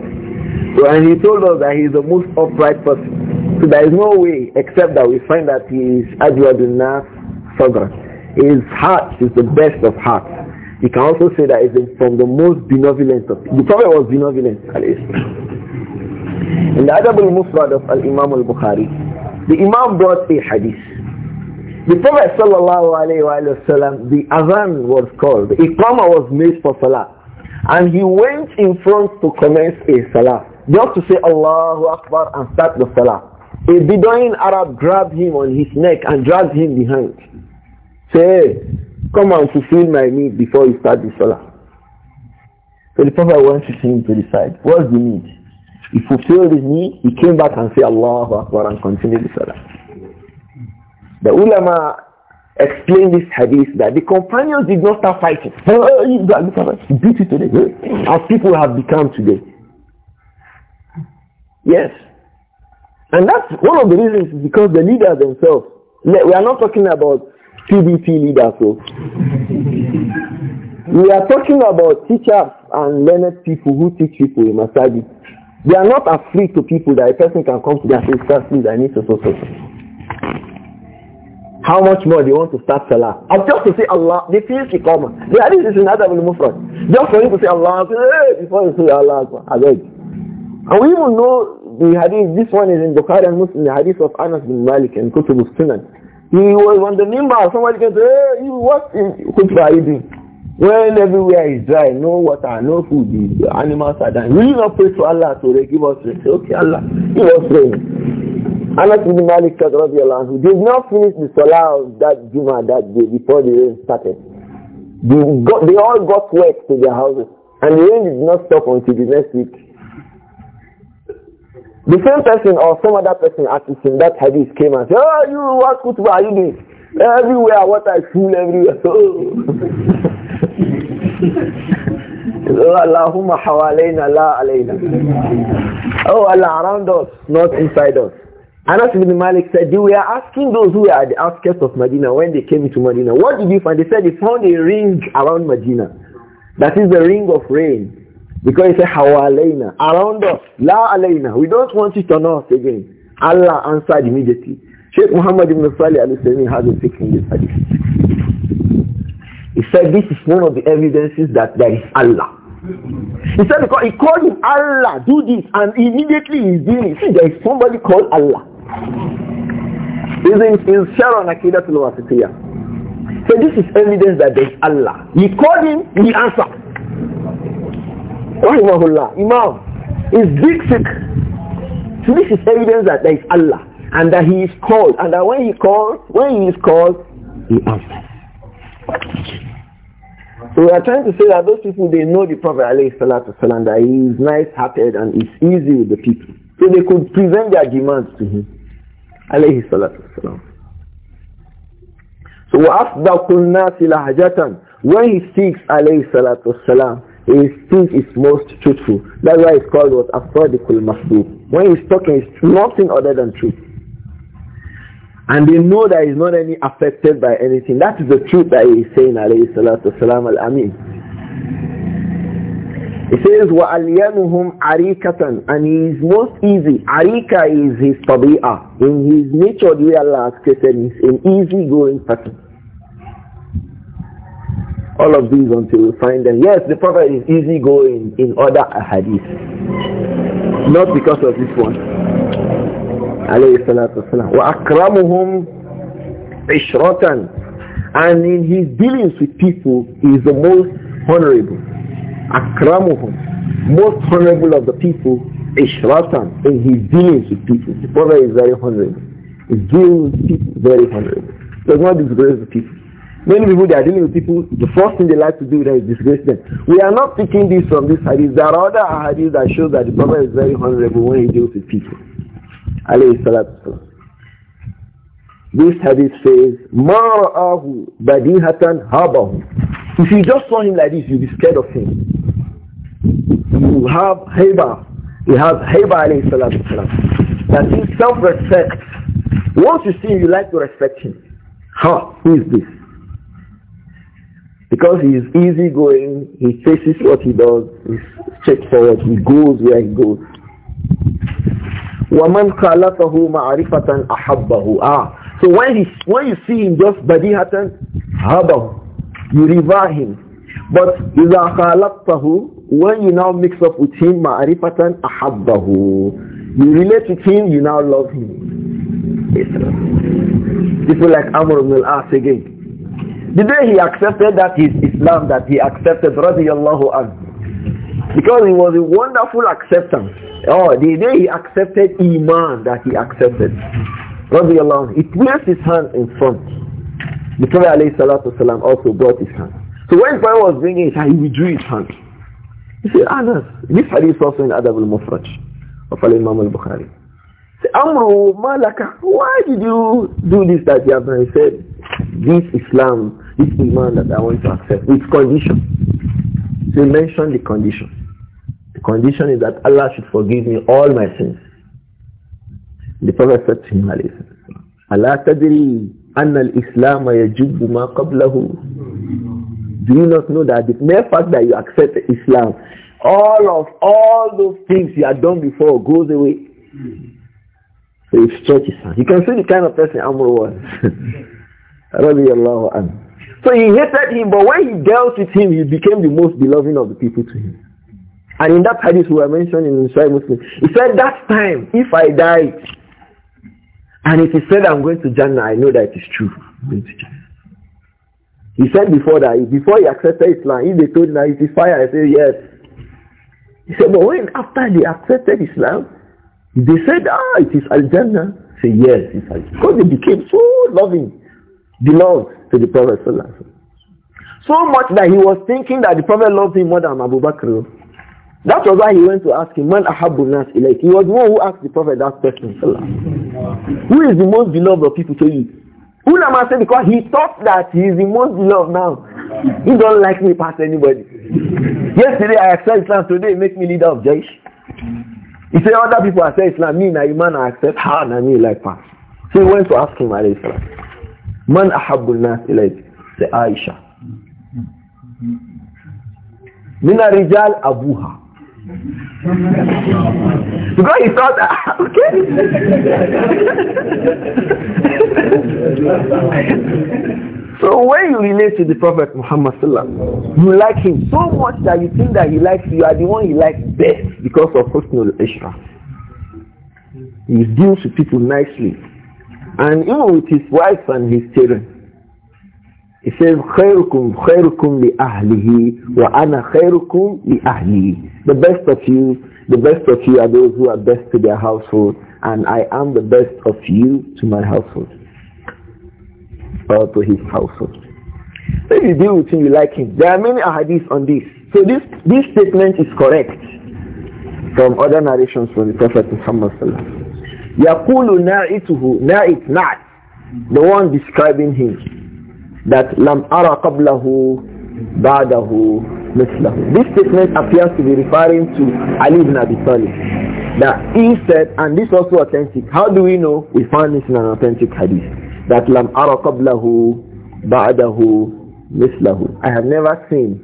So, and he told us that he is the most upright person. So there is no way except that we find that he is Ajwadun Nas Sadra. His heart is the best of hearts. You can also say that is from the most benevolent of The Prophet was benevolent, at least. In the Adab al-Mufrad of Al-Imam al-Bukhari, the Imam brought a hadith. The Prophet sallallahu alayhi wa sallam, the Azan was called, the Iqamah was made for Salah. And he went in front to commence a Salah just to say Allahu Akbar and start the salah. A Bedouin Arab grabbed him on his neck and dragged him behind. Say, come and fulfill my need before you start the salah. So the Prophet went to him to decide, what's the need? He fulfilled his need, he came back and said Allahu Akbar and continued the salah. The ulama explained this hadith that the companions did not start fighting. Beat it today, as people have become today. Yes, and that's one of the reasons is because the leaders themselves, we are not talking about PDP leaders. So. we are talking about teachers and learned people who teach people in Masadi. They are not afraid to people that a person can come to their face please, I need to so, so, so. How much more do you want to start Salah? I'm just to say Allah, they feel the They are this is another will move from. Just for you to say Allah, before you say Allah, I beg. And we even know the hadith, this one is in Bukhari and Muslim, the hadith of Anas bin Malik and Kutub Sunan. He was on the nimbah, somebody can say, hey, what khutbah are you doing? When everywhere is dry, no water, no food, the animals are dying. Will you not pray to Allah to give us rain? Okay, Allah, he was praying. Anas bin Malik who did not finish the salah of that Juma that day before the rain started. They, got, they all got wet to their houses and the rain did not stop until the next week. The same person or some other person asked is in that hadith came and said, Oh, you, what khutbah are you doing? Everywhere, what I feel everywhere. Oh. Allahumma hawalayna la alayna. Oh Allah, around us, not inside us. Anas ibn Malik said, they were asking those who were at the outskirts of Medina when they came into Medina, what did you find? They said they found a ring around Medina. That is the ring of rain. Because he said, Hawalayna, around us, La alayna. We don't want it on us again. Allah answered immediately. Sheikh Muhammad ibn Salih al-Husayni has a in this hadith. He said this is one of the evidences that there is Allah. He said because he called him Allah, do this, and immediately He did it. See, there is somebody called Allah. He's in, in Sharon Akidatul Wasitiyah. So this is evidence that there is Allah. He called him, he answered. Rahimahullah, Imam, is big sick. So this is evidence that there is Allah and that he is called and that when he calls, when he is called, he answers. So we are trying to say that those people, they know the Prophet salam that he is nice-hearted and is easy with the people. So they could present their demands to him. Alayhi salatu salam So وَأَفْضَقُ النَّاسِ لَهَجَةً When he seeks, alayhi salatu salam is speech is most truthful. That's why it's called what Afrodikul Masdu. When he's talking, it's nothing other than truth. And they know that he's not any affected by anything. That is the truth that he is saying, alayhi salatu salam al-amin. He says, Wa وَأَلْيَنُهُمْ عَرِيكَةً And he is most easy. Arika is his tabi'ah. In his nature, the way Allah has created him, an easygoing person. All of these until we find them. Yes, the Prophet is easygoing in other hadith. Not because of this one. Alayhi salatu wasalam. وَأَكْرَمُهُمْ عِشْرَةً And in his dealings with people, he is the most honorable. أَكْرَمُهُمْ Most honorable of the people, عِشْرَةً In his dealings with people. The Prophet is very honorable. He deals with people very honorable. Does not disgrace the people. Many people, they are dealing with people, the first thing they like to do is disgrace them. We are not picking this from this hadith. There are other hadiths that show that the Prophet is very honorable when he deals with people. Alayhi salatu This hadith says, Mara'ahu badihatan habahu. If you just saw him like this, you'll be scared of him. You have heba. You have heba alayhi salatu That is self-respect. Once you see him, you like to respect him. Huh, who is this? Because he is easygoing, he faces what he does, he's straightforward, he goes where he goes. وَمَنْ خَالَفَهُ مَعْرِفَةً أَحَبَّهُ Ah, so when, he, when you see him just badihatan, habahu, you revere him. But إِذَا خَالَفْتَهُ When you now mix up with him, مَعْرِفَةً أَحَبَّهُ You relate with him, you now love him. People like Amr ibn al-As again. The day he accepted that is Islam that he accepted radiallahu anhu. Because it was a wonderful acceptance. Oh, the day he accepted Iman that he accepted. Radiallahu anhu. He placed his hand in front. The Prophet alayhi salatu also brought his hand. So when Prophet was bringing his hand, he withdrew his hand. He said, Anas, this hadith is also in Adab al-Mufraj of imam al-Bukhari. Amru, Malaka, why did you do this that you have done? He said, this Islam, this Iman that I want to accept, with condition. So he mentioned the condition. The condition is that Allah should forgive me all my sins. The Prophet said to him, Allah tadri anna al-Islam yajibu ma qablahu. Do you not know that the mere fact that you accept Islam, all of all those things you had done before goes away? So it's church You can see the kind of person Amr was. radiallahu anhu. So he hated him, but when he dealt with him, he became the most beloved of the people to him. And in that hadith we are mentioning in Sahih Muslim, he said, that time, if I die, and if he said I'm going to Jannah, I know that it is true. I'm going to He said before that, before he accepted Islam, if they told him that it is fire, I said yes. He said, but when after they accepted Islam, they said, ah, it is Al-Jannah. Say said, yes, it's Al-Jannah. Because they became so loving belonged to the Prophet So much that he was thinking that the Prophet loved him more than Abu Bakr. That was why he went to ask him, Man ahabbu nas He was the one who asked the Prophet that question. who is the most beloved of people to you? Ulama said because he thought that he is the most beloved now. He don't like me past anybody. Yesterday I accept Islam, today make me leader of Jaish. He said other people accept Islam, me na I accept how na me like past. So he went to ask him alayhi salam. Man ahabbul nas ilayk? Say Aisha. Mina rijal abuha. because he thought, okay. so when you relate to the Prophet Muhammad Sallam, you like him so much that you think that he likes you are the one he likes best because of personal extra. He deals with people nicely. And even with his wife and his children. He says, خيركم خيركم لأهله وأنا خيركم لأهلي. The best of you, the best of you are those who are best to their household and I am the best of you to my household or to his household. So if you deal with him, you like him. There are many hadiths on this. So this, this statement is correct from other narrations from the Prophet Muhammad sallallahu Yakulu na'ituhu, na'it, na'it. The one describing him. That lam ara qablahu ba'dahu mislahu. This statement appears to be referring to Ali ibn Abi Talib. That he said, and this also authentic. How do we know? We find this in an authentic hadith. That lam ara qablahu ba'dahu mislahu. I have never seen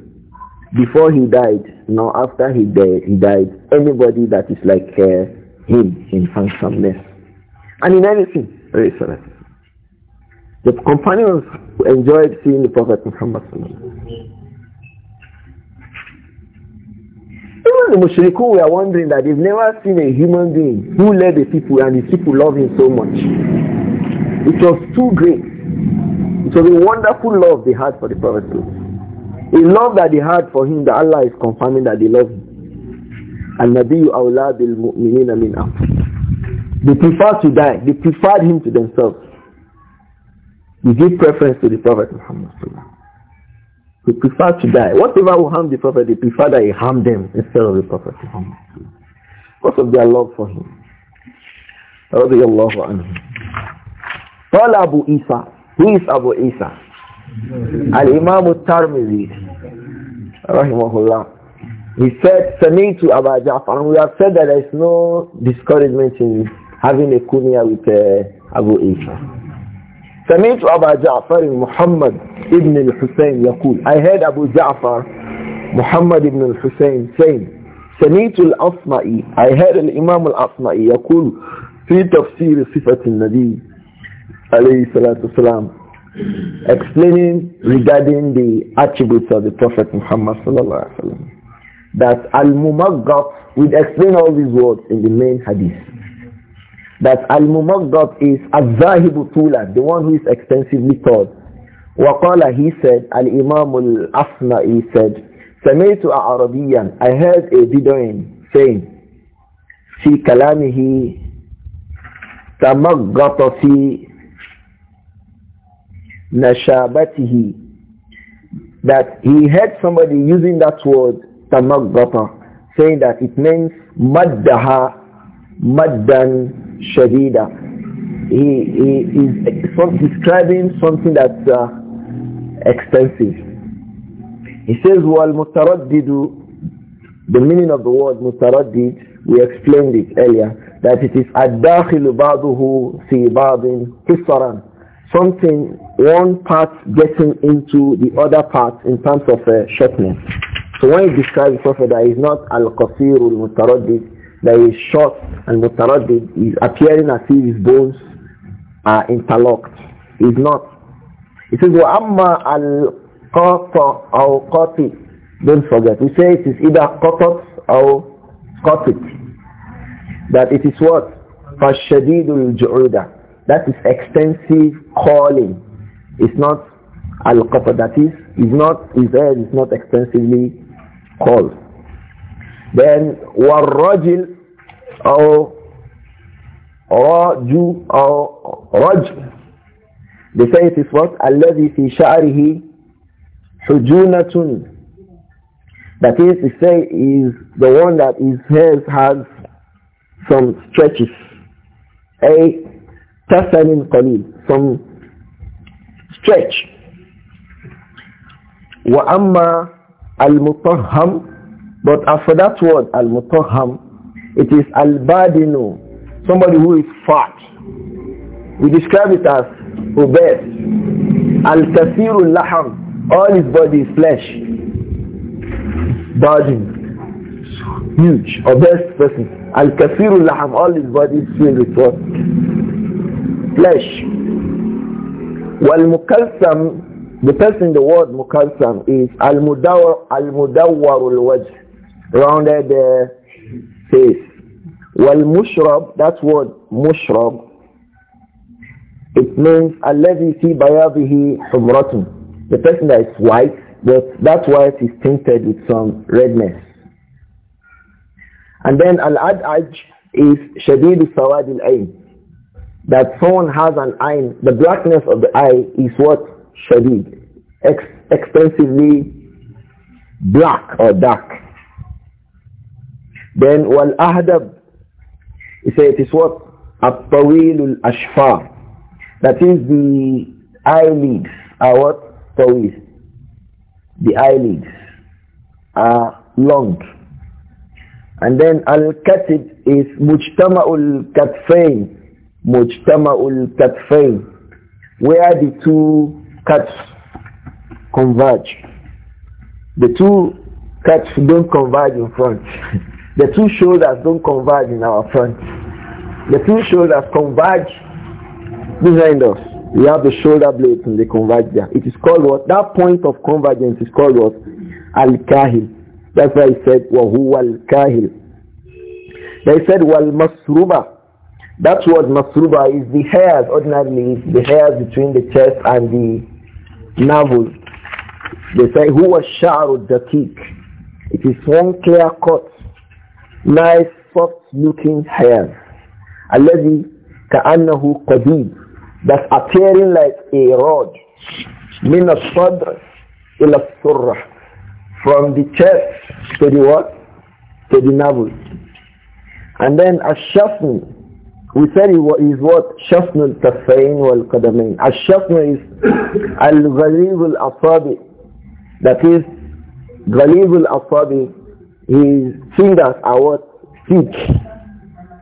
before he died, nor after he, he died, anybody that is like uh, him in handsomeness and in everything. The companions enjoyed seeing the Prophet Muhammad. Even the mushriku were wondering that they've never seen a human being who led the people and the people loved him so much. It was too great. It was a wonderful love they had for the Prophet. A love that they had for him that Allah is confirming that they love him. النبي أولى بالمؤمنين من أنفسهم They prefer to die. They preferred him to themselves. They give preference to the Prophet Muhammad They prefer to die. Whatever will harm the Prophet, they prefer that he harm them instead of the Prophet Muhammad because of their love for him. رضي الله عنه. قال أبو إيسى Who is Abu Isa? Al-Imam al-Tarmizi. Rahimahullah. He said, Sami to Abu Ja'far, and we have said that there is no discouragement in having a kunya with uh, Abu Isa. Sami to Abu Ja'far Muhammad ibn al-Hussein Yaqul. I heard Abu Ja'far Muhammad ibn al-Hussein saying, Sami to al-Asma'i, I heard al-Imam al-Asma'i Yaqul, في تفسير صفة النبي عليه الصلاة والسلام explaining regarding the attributes of the Prophet Muhammad الله عليه وسلم that al-mumaggab, we explain all these words in the main hadith. That al-mumaggab is al-zahibu tula, the one who is extensively taught. Waqala he said, al-imam al-asna'i said, سمعت أعربيا I heard a Bedouin saying في kalamihi تمغط في nashabatihi, that he heard somebody using that word tamagbata, saying that it means maddaha, maddan shadida. He, he is describing something that's uh, extensive. He says, wal mutaraddidu, the meaning of the word mutaraddid, we explained it earlier, that it is ad-dakhilu ba'duhu fi ba'din hisaran something, one part getting into the other part in terms of uh, shortness. So when he describes the Prophet that he's not al-qasir al-mutaraddid, that he's short and mutaraddid, is appearing as if his bones are interlocked. He's not. He says, وَأَمَّا الْقَطَ أَوْ قَطِ Don't forget. We say it is either قطط or قطط. That it is what? فَالشَّدِيدُ الْجُعُودَ That is extensive calling. It's not al-qata. That is, is not, his head. it's not extensively all. Then warajil أو raju أو raj. They say it is what? الذي في شعره حجونة That is to say is the one that his hair has some stretches. A tasanin qalil, some stretch. وأما Al-Mutahham, but after that word, Al-Mutahham, it is Al-Badinu, somebody who is fat. We describe it as obese. Al-Kathirul Laham, all his body is flesh. Burden, huge, obese person. Al-Kathirul Laham, all his body is filled with what? Flesh. Wal-Mukalsam, the person the word mukassam is al-mudawwar al-wajh, rounded uh, face. Wal mushrab, that word mushrab, it means alladhi fi bayadihi humratun. The person that is white, but that white is tinted with some redness. And then al-ad'aj is shadid sawad al-ayn. That someone has an eye, the blackness of the eye is what shadid, ex extensively black or dark. Then wal ahdab, he said it is what? at ul ashfar. That is the eyelids are what? Tawil. The eyelids are long. And then al-katib is mujtama'ul katfain. Mujtama'ul katfain. Where the two cuts converge. The two cuts don't converge in front. the two shoulders don't converge in our front. The two shoulders converge behind us. We have the shoulder blades and they converge there. It is called what? That point of convergence is called what? Al-Kahil. That's why he said, وَهُوَ الْكَاهِلِ They said, masruba. That what masruba is the hairs, ordinarily the hairs between the chest and the Navel, they say, who was Sha'ru Dakik? It is one clear cut, nice, soft looking hair. Alladhi ka'annahu qadid. That's appearing like a rod. Min al-sadr ila surrah. From the chest to the what? To the navel. And then a shafn we said it is what wal الكفين والقدمين. الشفن is الغليظ الأصابع. That is غليظ الأصابع. His fingers are what thick.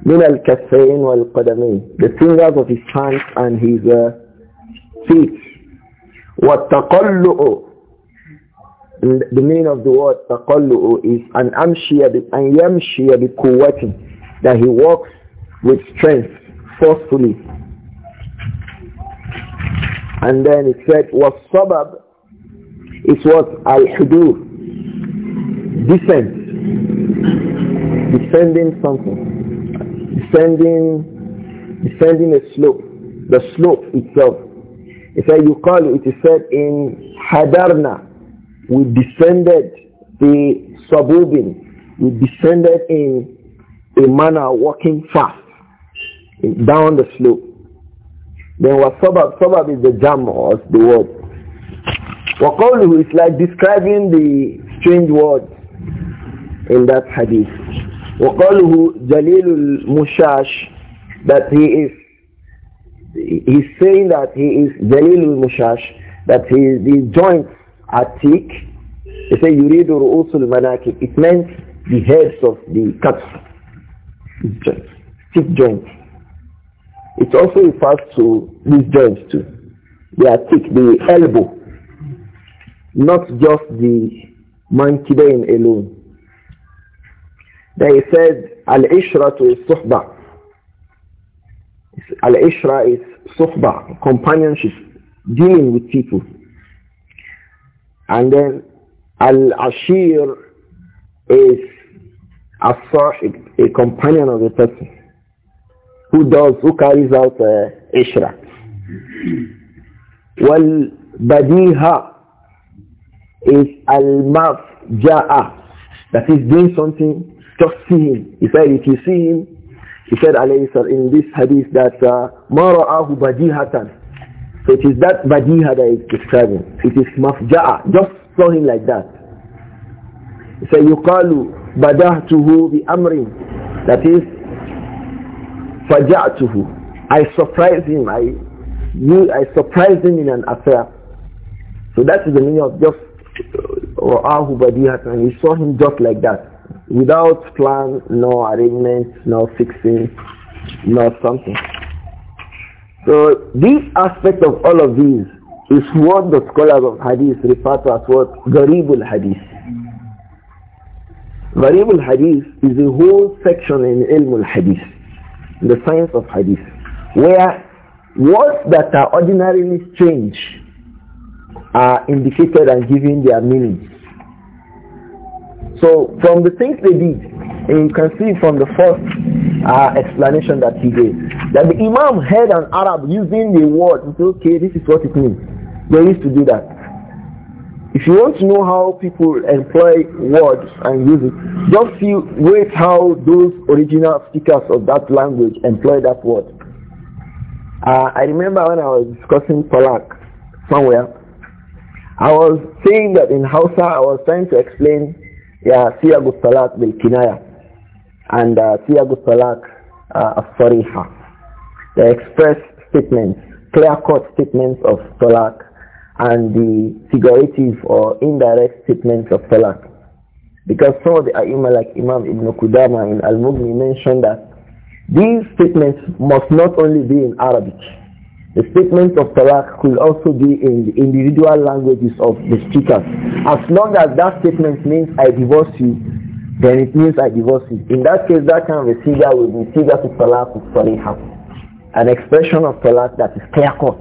من wal والقدمين. The fingers of his hands and his uh, feet. والتقلع the meaning of the word taqallu is an amshiya bi an yamshiya bi that he walks with strength, forcefully. And then it said, was sabab, it was al-hudur, Descend, descending something, descending, descending a slope, the slope itself. It said, you call it, it said in Hadarna, we descended the suburban, we descended in a manner walking fast down the slope. Then what sabab, sabab is the jam of the word. Waqawluhu is like describing the strange words in that hadith. Waqawluhu Jalilul Mushash that he is, he's saying that he is Jalilul Mushash, that his, joints are thick. They say Yuridu Ru'usul Manakib. It means the heads of the cuts, thick joints it also refers to these joints too. They are thick, the elbow, not just the mankibain alone. They said al-ishra to suhba. Al-ishra is suhba, companionship, dealing with people. And then al-ashir is a sahib, a companion of the person who does, who carries out uh, Ishra. Well, Badiha is Al-Mafja'a. That is doing something, just see him. He said, if you see him, he said in this hadith that uh, mara'ahu badihatan so it is that badiha that is describing it is mafja'a just him like that he said yuqalu badahtuhu bi amrin that is فَجَعْتُهُ I surprised him. I, you, I surprised him in an affair. So that is the meaning of just or بَدِيهَةً And we saw him just like that. Without plan, no arrangement, no fixing, no something. So this aspect of all of these is what the scholars of hadith refer to as what Garibul Hadith. Garibul Hadith is a whole section in al Hadith the science of hadith, where words that are ordinarily strange are indicated and given their meanings. So from the things they did, you can see from the first uh, explanation that he gave, that the Imam heard an Arab using the word and said, okay, this is what it means. They used to do that. If you want to know how people employ words and use it, just see, wait how those original speakers of that language employ that word. Uh, I remember when I was discussing Polak somewhere, I was saying that in Hausa I was trying to explain yeah, Siyagu Talak bil Kinaya and uh, Siyagu Talak uh, the express statements, clear-cut statements of Talak and the figurative or indirect statements of talaq. Because some of the ai like Imam Ibn Qudama in Al-Mughni mentioned that these statements must not only be in Arabic. The statements of talaq could also be in the individual languages of the speakers. As long as that statement means I divorce you, then it means I divorce you. In that case, that kind of a figure will be figure to talaq an expression of talaq that is clear cut.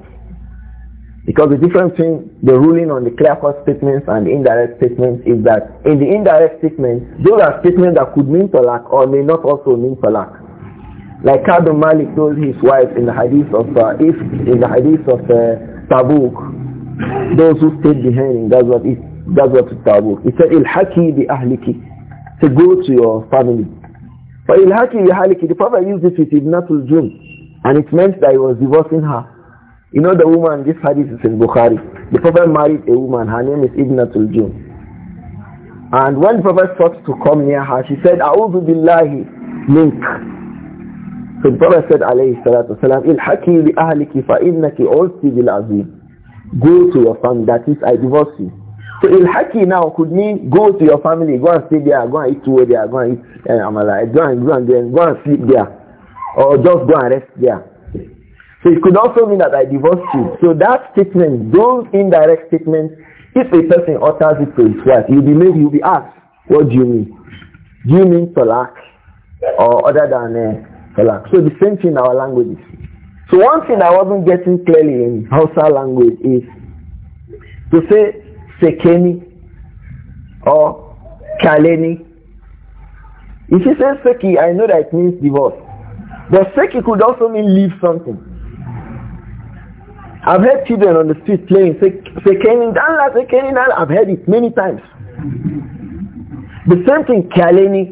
Because the difference between the ruling on the clear-cut statements and the indirect statements is that in the indirect statements, those are statements that could mean talak or may not also mean talak. Like Kadu Malik told his wife in the hadith of uh, if in the hadith of uh, Tabuk, those who stayed behind him, that's what it, that's what Tabuk. He said, "Ilhaki bi ahliki," to go to your family. But ilhaki bi ahliki, the Prophet used this with Ibnatul Jun, and it meant that he was divorcing her. You know the woman, this hadith is in Bukhari. The Prophet married a woman, her name is Ibnatul Jun. And when the Prophet sought to come near her, she said, A'udhu billahi mink. So the Prophet said, alayhi salatu wasalam, Ilhaki li ahliki fa innaki ulti bil azim. Go to your family, that is, I divorce you. So ilhaki now could mean go to your family, go and stay there, go and eat where they are go and eat I'm eh, alive, go and, go and, go and sleep there, or just go and rest there. So it could also mean that I divorced you. So that statement, those indirect statements, if a person utters it to his wife, you'll be made, you'll be asked, what do you mean? Do you mean talak or other than uh, talak? So the same thing in our languages. So one thing I wasn't getting clearly in Hausa language is to say sekeni or kaleni. If you say seki, I know that it means divorce. But seki could also mean leave something. I've heard children on the street playing, say, say Kenin say Kenin I've heard it many times. The same thing, Kaleni.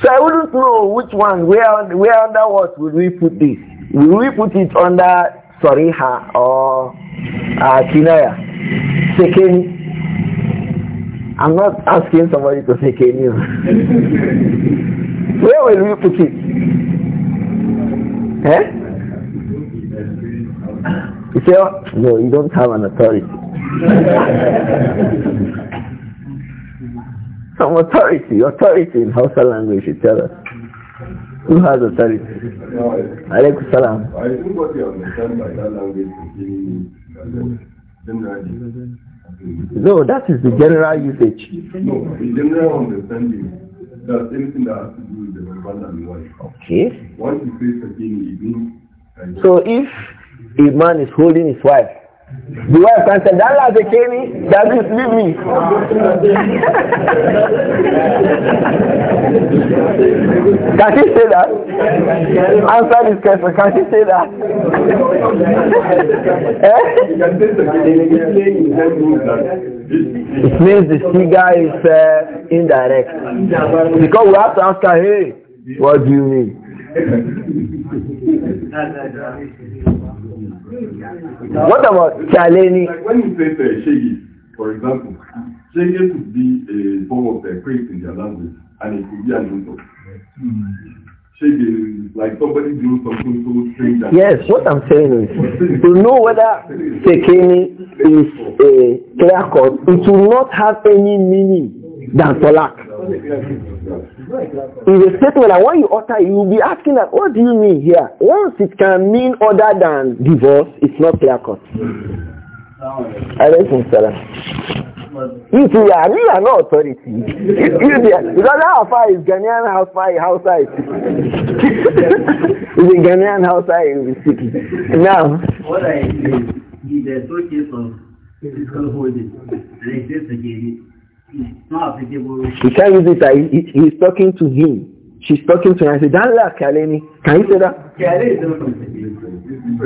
So I wouldn't know which one, where, where under what would we put this? Will we put it under Sariha or uh, Kinaya? I'm not asking somebody to say Kenya. where will we put it? Eh? You say, oh, no, you don't have an authority. Some authority, authority in Hausa language, you tell us. Who has authority? No, Alaykum salam. I think what you understand by that language generally. No, that is the general usage. No, the general understanding. That's anything that has to do with the husband wife. Okay. Once you say something, it So if a man is holding his wife. The wife can say, Allah they came me, leave me. can she say that? Answer this question, can she say that? eh? It means the figure is uh, indirect. Because we have to ask her, hey, what do you mean? What about Chaleni? Like when you say uh, Shegi, for example, Shegi could be a form of uh, praise in their language, and it could be an insult. Shegi is like somebody doing something so strange. Yes, what I'm saying is, to know whether Sekeni is a clear cut, it will not have any meaning than Tolak. In the statement and when you utter you will be asking that what do you mean here? Once it can mean other than divorce, it's not clear cut. Alaykum salam. If you are, you are not authority. If you because how far is Ghanaian, how far Hausa is Is it Ghanaian Hausa is city? Now. What I say is there's no case of physical holding and it exists again. He can't use it. He, he is talking to him. She's talking to her. I said, Danla Kaleni. Can you say that? Kaleni is different. Uh,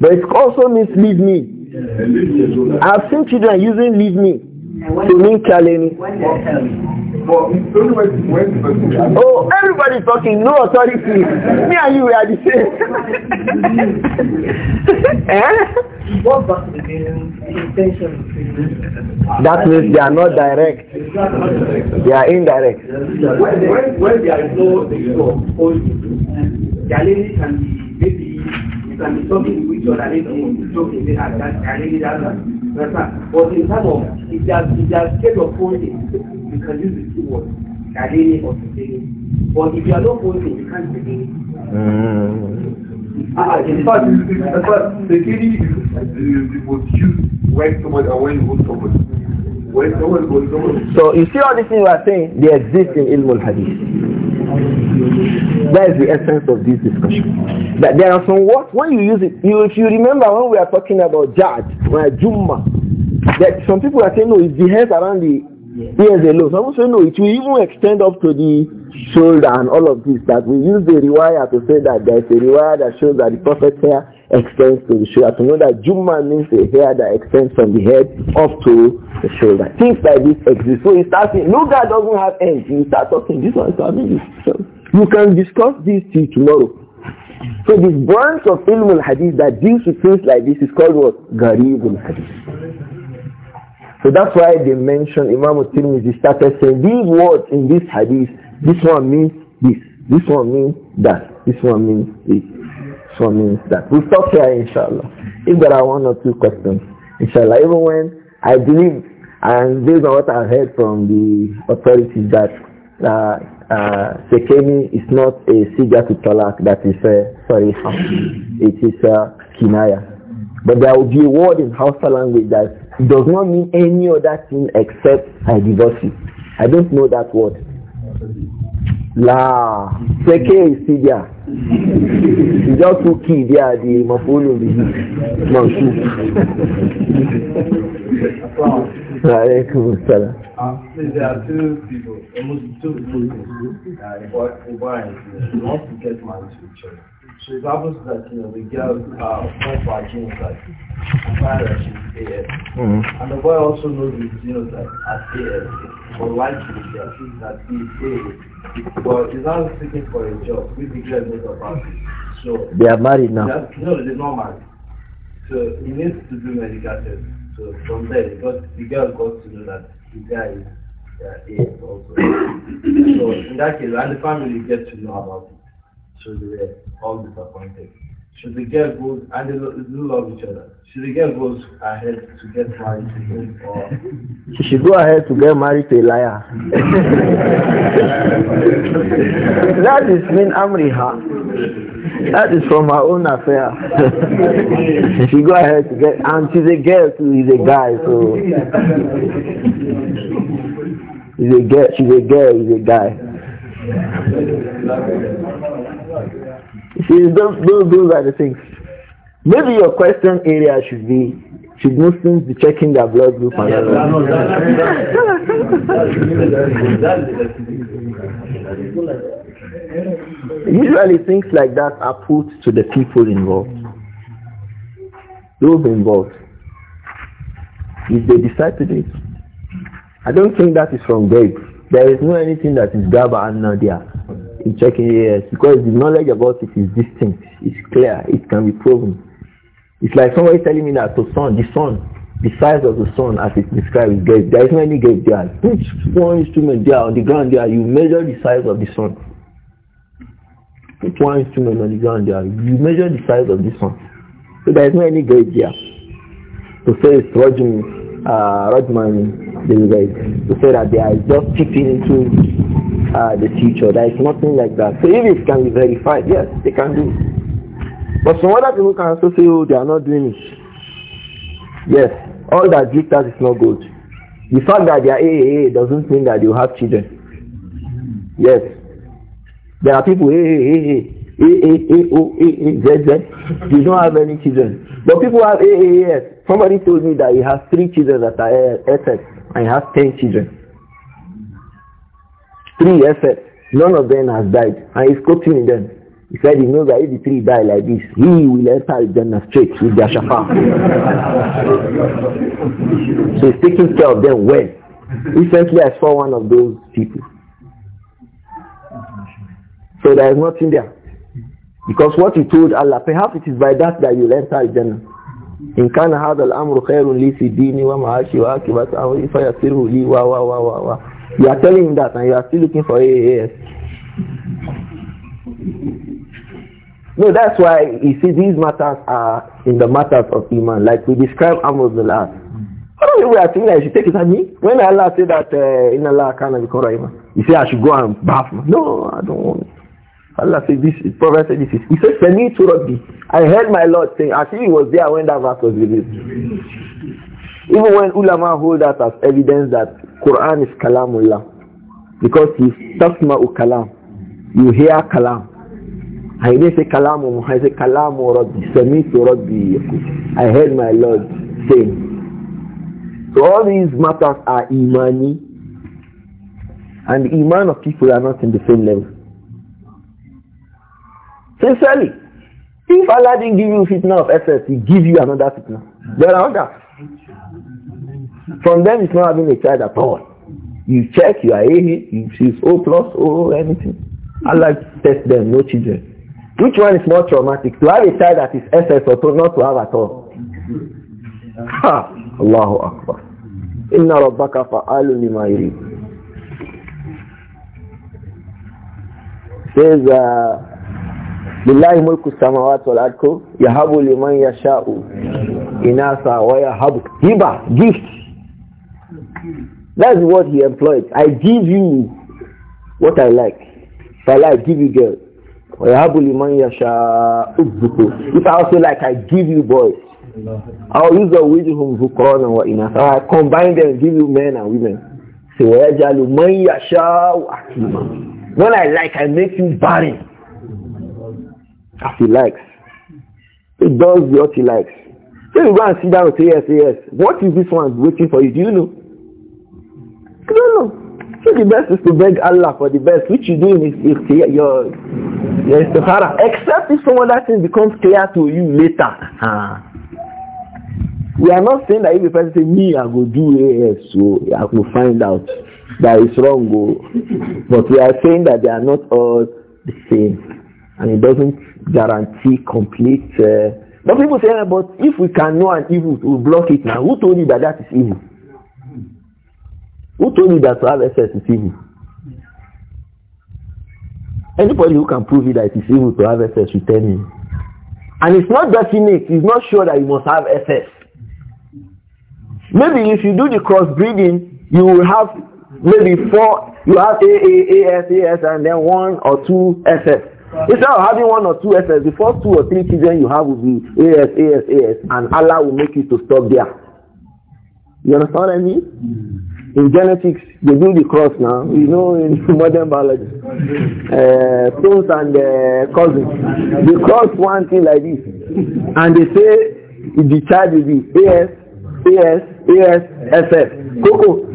but it also means leave me. Uh, I've seen children using leave me. me, Kaleni. Oh, everybody talking, no authority. Me and you are the same. eh? That means they are not direct. They are indirect. When, when, when there is no Galeni can be maybe can be talking with each other later on. It's okay, they But in terms of, if they are, if they scared of folding, you can use the two words, Kadene or Kadene. But if you are not folding, you can't Kadene. Mm. Ah, in fact, in fact, the kidney is the most used when somebody, when you hold somebody. So you see all these things you are saying, they exist in Ilmul That is the essence of this discussion. That there are some words, when you use it, you, if you remember when we are talking about Jad, or Jumma, that some people are saying, no, the hands around the ears alone. Some people say, no, it will even extend up to the shoulder and all of this, that we use the rewire to say that there is a rewire that shows that the prophet here extends to the shoulder. To know that Juma means a hair that extends from the head up to the shoulder. Things like this exist. So he starts saying, no, that doesn't have ends. You start talking, this one is coming. So you can discuss this till tomorrow. So this branch of ilm al-hadith that deals with things like this is called what? Garib al-hadith. So that's why they mentioned Imam al-Tirmidhi started saying these words in this hadith, this one means this, this one means that, this one means this for me is that we stop here, inshallah. If there are one or two questions, inshallah, even when I believe and based on what I've heard from the authorities that uh, uh, Sekemi is not a siga to talak, that is, a uh, sorry, it is a uh, kinaya. But there will be a word in Hausa language that does not mean any other thing except I divorce you. I don't know that word. La. Seke is Sidia. Just two key there, the Mafulu Bihi. Mansu. Alaikum Salam. There are two people, almost two people that are important. One to get married to each other. that you know da su rigiyar by genocide and piracy is AF. And the boy also knows that, genocide as AF, but likely he assumes that he is dead. But he's not seeking for a job, we declared no about it. So they are married now. That, no, they're not married. So he needs to do medical tests. So from there, because the girl got to know that the guy is uh, AF also. so in that case, and the family gets to know about it should were all disappointed. Should the girl goes and they love each other. Should the girl goes ahead to get married to him or she should go ahead to get married to a liar. that is mean, amriha. That is from her own affair. she go ahead to get and she's a girl too, he's a guy, so he's a girl, she's a girl, he's a guy. See, those, those are the things. Maybe your question area should be, should Muslims be checking their blood group and Usually things like that are put to the people involved. Those involved. If they decide to do it. I don't think that is from Gabe. There is no anything that is Gaba and Nadia in checking yes, because the knowledge about it is distinct, it's clear, it can be proven. It's like somebody telling me that the sun, the sun, the size of the sun as it's described is great. There is no any great there. Put one instrument there on the ground there, you measure the size of the sun. Put one instrument on the ground there, you measure the size of the sun. So there is no any great there. To say it's Rodman, uh, Rodman, the guys, to say that there is just fifteen into uh, the future. There is nothing like that. So if it can be verified, yes, they can do But some other people can also say, oh, they are not doing it. Yes, all that jitters is not good. The fact that they are AAA doesn't mean that you have children. Yes. There are people, AAA, AAAOAAZZ, they don't have any children. But people have AAAS. Somebody told me that he has three children that are SS uh, and he has ten children. Three said, none of them has died. And he's quoting them. He said he knows that if the three die like this, he will enter Jannah straight with their shafa. so he's taking care of them well. Recently I saw one of those people. So there is nothing there. Because what he told Allah, perhaps it is by that that you'll enter Jannah. إن كان هذا الأمر خير لي في ديني ومعاشي وعاقبة أمري فيسره لي و و و و you are telling him that and you are still looking for AAS. No, that's why you see these matters are in the matters of Iman. Like we describe Amos the last. I don't think we are thinking I should take it at me. When Allah said that uh, in Allah be called iman, you say I should go and bath. No, I don't want it. Allah said this, is Prophet said this. He said, send me to Rabbi. I heard my Lord saying, I think he was there when that verse was released. Even when ulama hold that as evidence that Quran is kalamullah, because he tasma'u kalam, you hear kalam. I didn't say kalamu, I said kalamu rabbi, samitu rabbi, I heard my Lord saying. So all these matters are imani, and the iman of people are not in the same level. Sincerely, if Allah didn't give you fitna of essence, He give you another fitna. There are others. Hmm. From them, it's not having a child at all. You check, you are A, she's O plus, O, anything. I Allah test them, no children. Which one is more traumatic? To have a child that is SS or to not to have at all? Ha! Allahu Akbar. Inna rabbaka fa'alu lima yurid. Says, uh, Lillahi mulku samawat wal arku, yahabu liman yasha'u, inasa wa yahabu. Hiba, gift. That's what he employed. I give you what I like. If I like, give you girls. If I also like, I give you boys. I'll use the who wijhum what wa inas. I combine them, give you men and women. So wajalu man yasha'u akima. When I like, I make you barren. As he likes. He does what he likes. So you go and sit down and say yes, yes. What is this one waiting for you? Do you know? No, no. So the best is to beg Allah for the best, which you do in your, istikhara. Except if someone that thing becomes clear to you later. Uh, we are not saying that if a person say, me, I go do AS, so I will find out that it's wrong. Oh. But we are saying that they are not all the same. And it doesn't guarantee complete... Uh, but people say, but if we can know an evil, we block it now. Who told you that that is evil? Who told you that to have SS is evil? Anybody who can prove it that it is evil to have SS, will tell me. And it's not definite. It's not sure that you must have SS. Maybe if you do the crossbreeding, you will have maybe four, you have A, A, A, S, A, S, and then one or two SS. Instead of having one or two SS, the first two or three children you have will be A, S, A, S, A, S, and Allah will make you to stop there. You understand what I mean? In genetics, they do the cross now. You know, in modern biology, uh, sons and uh, cousins, they cross one thing like this, and they say the child will be AS, AS, AS, SS, Coco.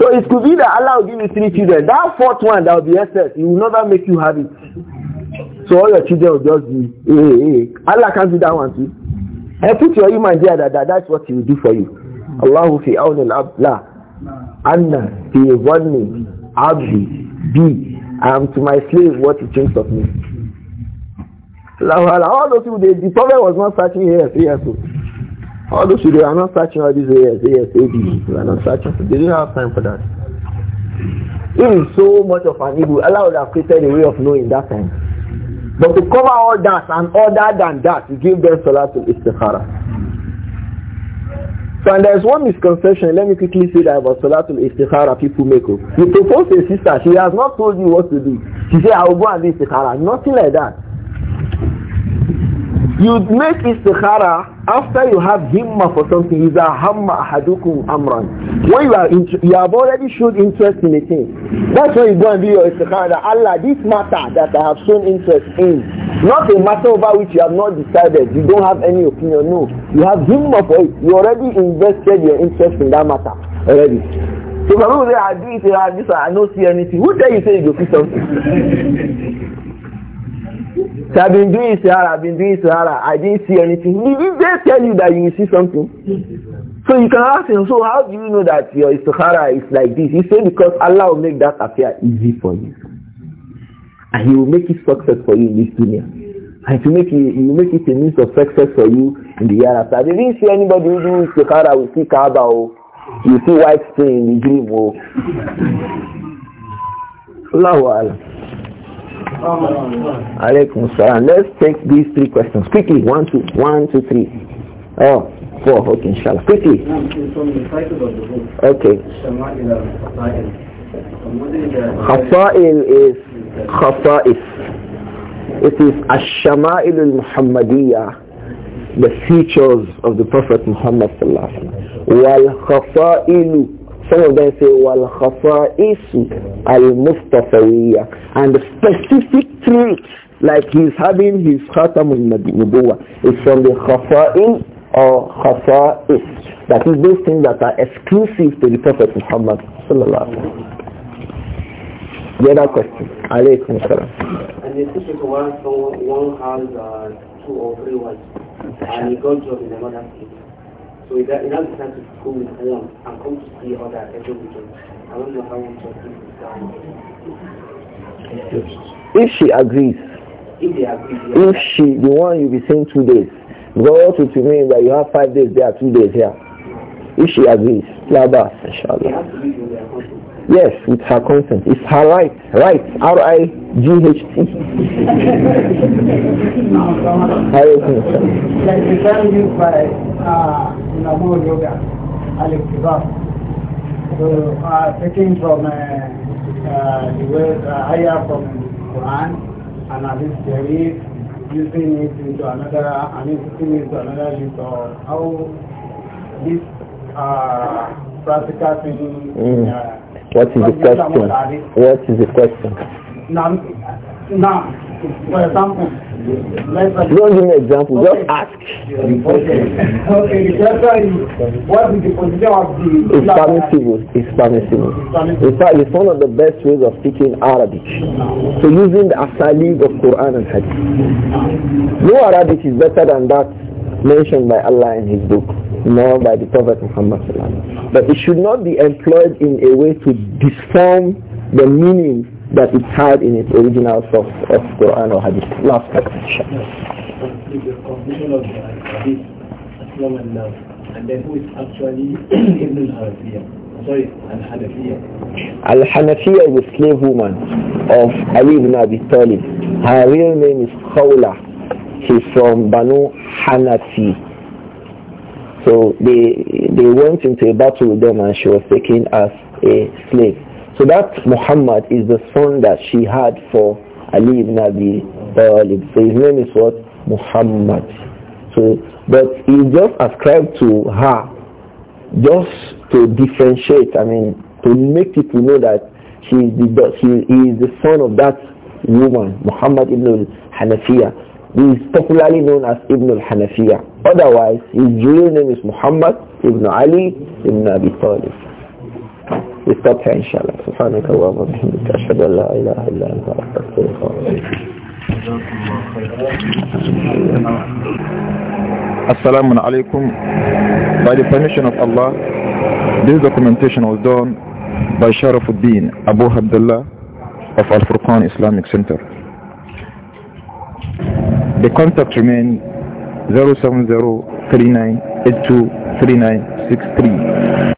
So it could be that Allah will give you three children. That fourth one that will be SS, He will never make you have it. So all your children will just be AA. Hey, hey. Allah can do that one too. And eh, put your human there that, that that's what he will do for you. Allah will say, al-abd. La. Anna one dhanni abdi bi am to my slave what he thinks of me. All those people, they, the prophet was not searching here, three years ago. Oh. All those people, they are not searching all these years, yes, AD. They are not searching. They didn't have time for that. It is so much of an evil. Allah would have created a way of knowing that time. But to cover all that and other than that, you give them Salatul Istikhara. So and there's one misconception, let me quickly say that about Salatul Istikhara people make up. Oh. You propose a sister, she has not told you what to do. She say, I will go and do Istikhara. Nothing like that. You make Istikhara after you have himma for something. Is a hamma ahadukum amran. When you are you have already showed interest in a thing. That's when you go and do your Istikhara. Allah, this matter that I have shown interest in, not a matter over which you have not decided, you don't have any opinion, no. You have up for it. You already invested your interest in that matter already. So people say, I do it, I do it, I don't see anything. Who tell you say you go see something? so I've been doing Sahara, I've been doing Sahara, I didn't see anything. Did they tell you that you will see something? So you can ask him, so how do you know that your istikhara is like this? He say because Allah will make that affair easy for you and he will make it success for you in this dunya. And to make it, he will make it a means of success for you in the hereafter. I didn't see anybody who do Sahara will see Kaaba or oh. you see white stain in the dream or oh. Allahu salam. Let's take these three questions quickly. One, two, one, two, three. Oh, four. Okay, inshallah. Quickly. Okay. Hafail is khasa'is. It is ash-shama'il al-Muhammadiyah, the features of the Prophet Muhammad sallallahu alaihi wasallam. Some of them say wal khasa'isu al-Mustafawiyah, and the specific trait like he's having his khatam al it's is from the khasa'il or khasa'is. That is those things that are exclusive to the Prophet Muhammad sallallahu alaihi wasallam. The other question. Alaykum salam. And the situation where someone one has uh, two or three wives and he got job in another city. So he got now decided to go with one and come to see other every weekend. I don't know how much of this is If she agrees, if, they agree, they if she, the one you'll be seeing two days, go to to mean that you have five days there, two days here. If she agrees, labas, inshallah. Yes, with her consent. It's her right. Right. R I G H T. consent. Like the by uh, Yoga, Alex So, uh, taking from uh, uh the word uh, ayah from Quran and Hadith Sharif, using it into another, I mean, putting into another list of how this uh, practical thing mm. uh, what is the question? What is the question? Now, now for example, don't give me an example, okay. just ask. Okay. okay, the question is, what is the position of the... It's permissible, it's permissible. it's one of the best ways of speaking Arabic. So using the asalib of Quran and Hadith. No Arabic is better than that mentioned by Allah in his book, nor by the Prophet Muhammad But it should not be employed in a way to disform the meaning that it had in its original source of Quran or Hadith. Last question. And then who is actually Ibn al-Arabiyah? sorry, Al-Hanafiya. Al-Hanafiya is a slave woman of Ali ibn Abi Talib. Her real name is Khawla. He's from Banu Hanafi. So they they went into a battle with them and she was taken as a slave. So that Muhammad is the son that she had for Ali ibn Abi Talib. So his name is what? Muhammad. So, but he just ascribed to her just to differentiate, I mean, to make people know that she is the, he is the son of that woman, Muhammad ibn al-Hanafiya. He is popularly known as Ibn al-Hanafiya. Otherwise, his real name is Muhammad Ibn Ali Ibn Abi Talib. We stop here inshallah. سبحانك اللهم وبحمدك أشهد أن لا إله إلا أنت أستغفرك Assalamu alaikum. By the permission of Allah, this documentation was done by Sharafuddin Abu Abdullah of Al-Furqan Islamic Center. The contact remains 07039823963.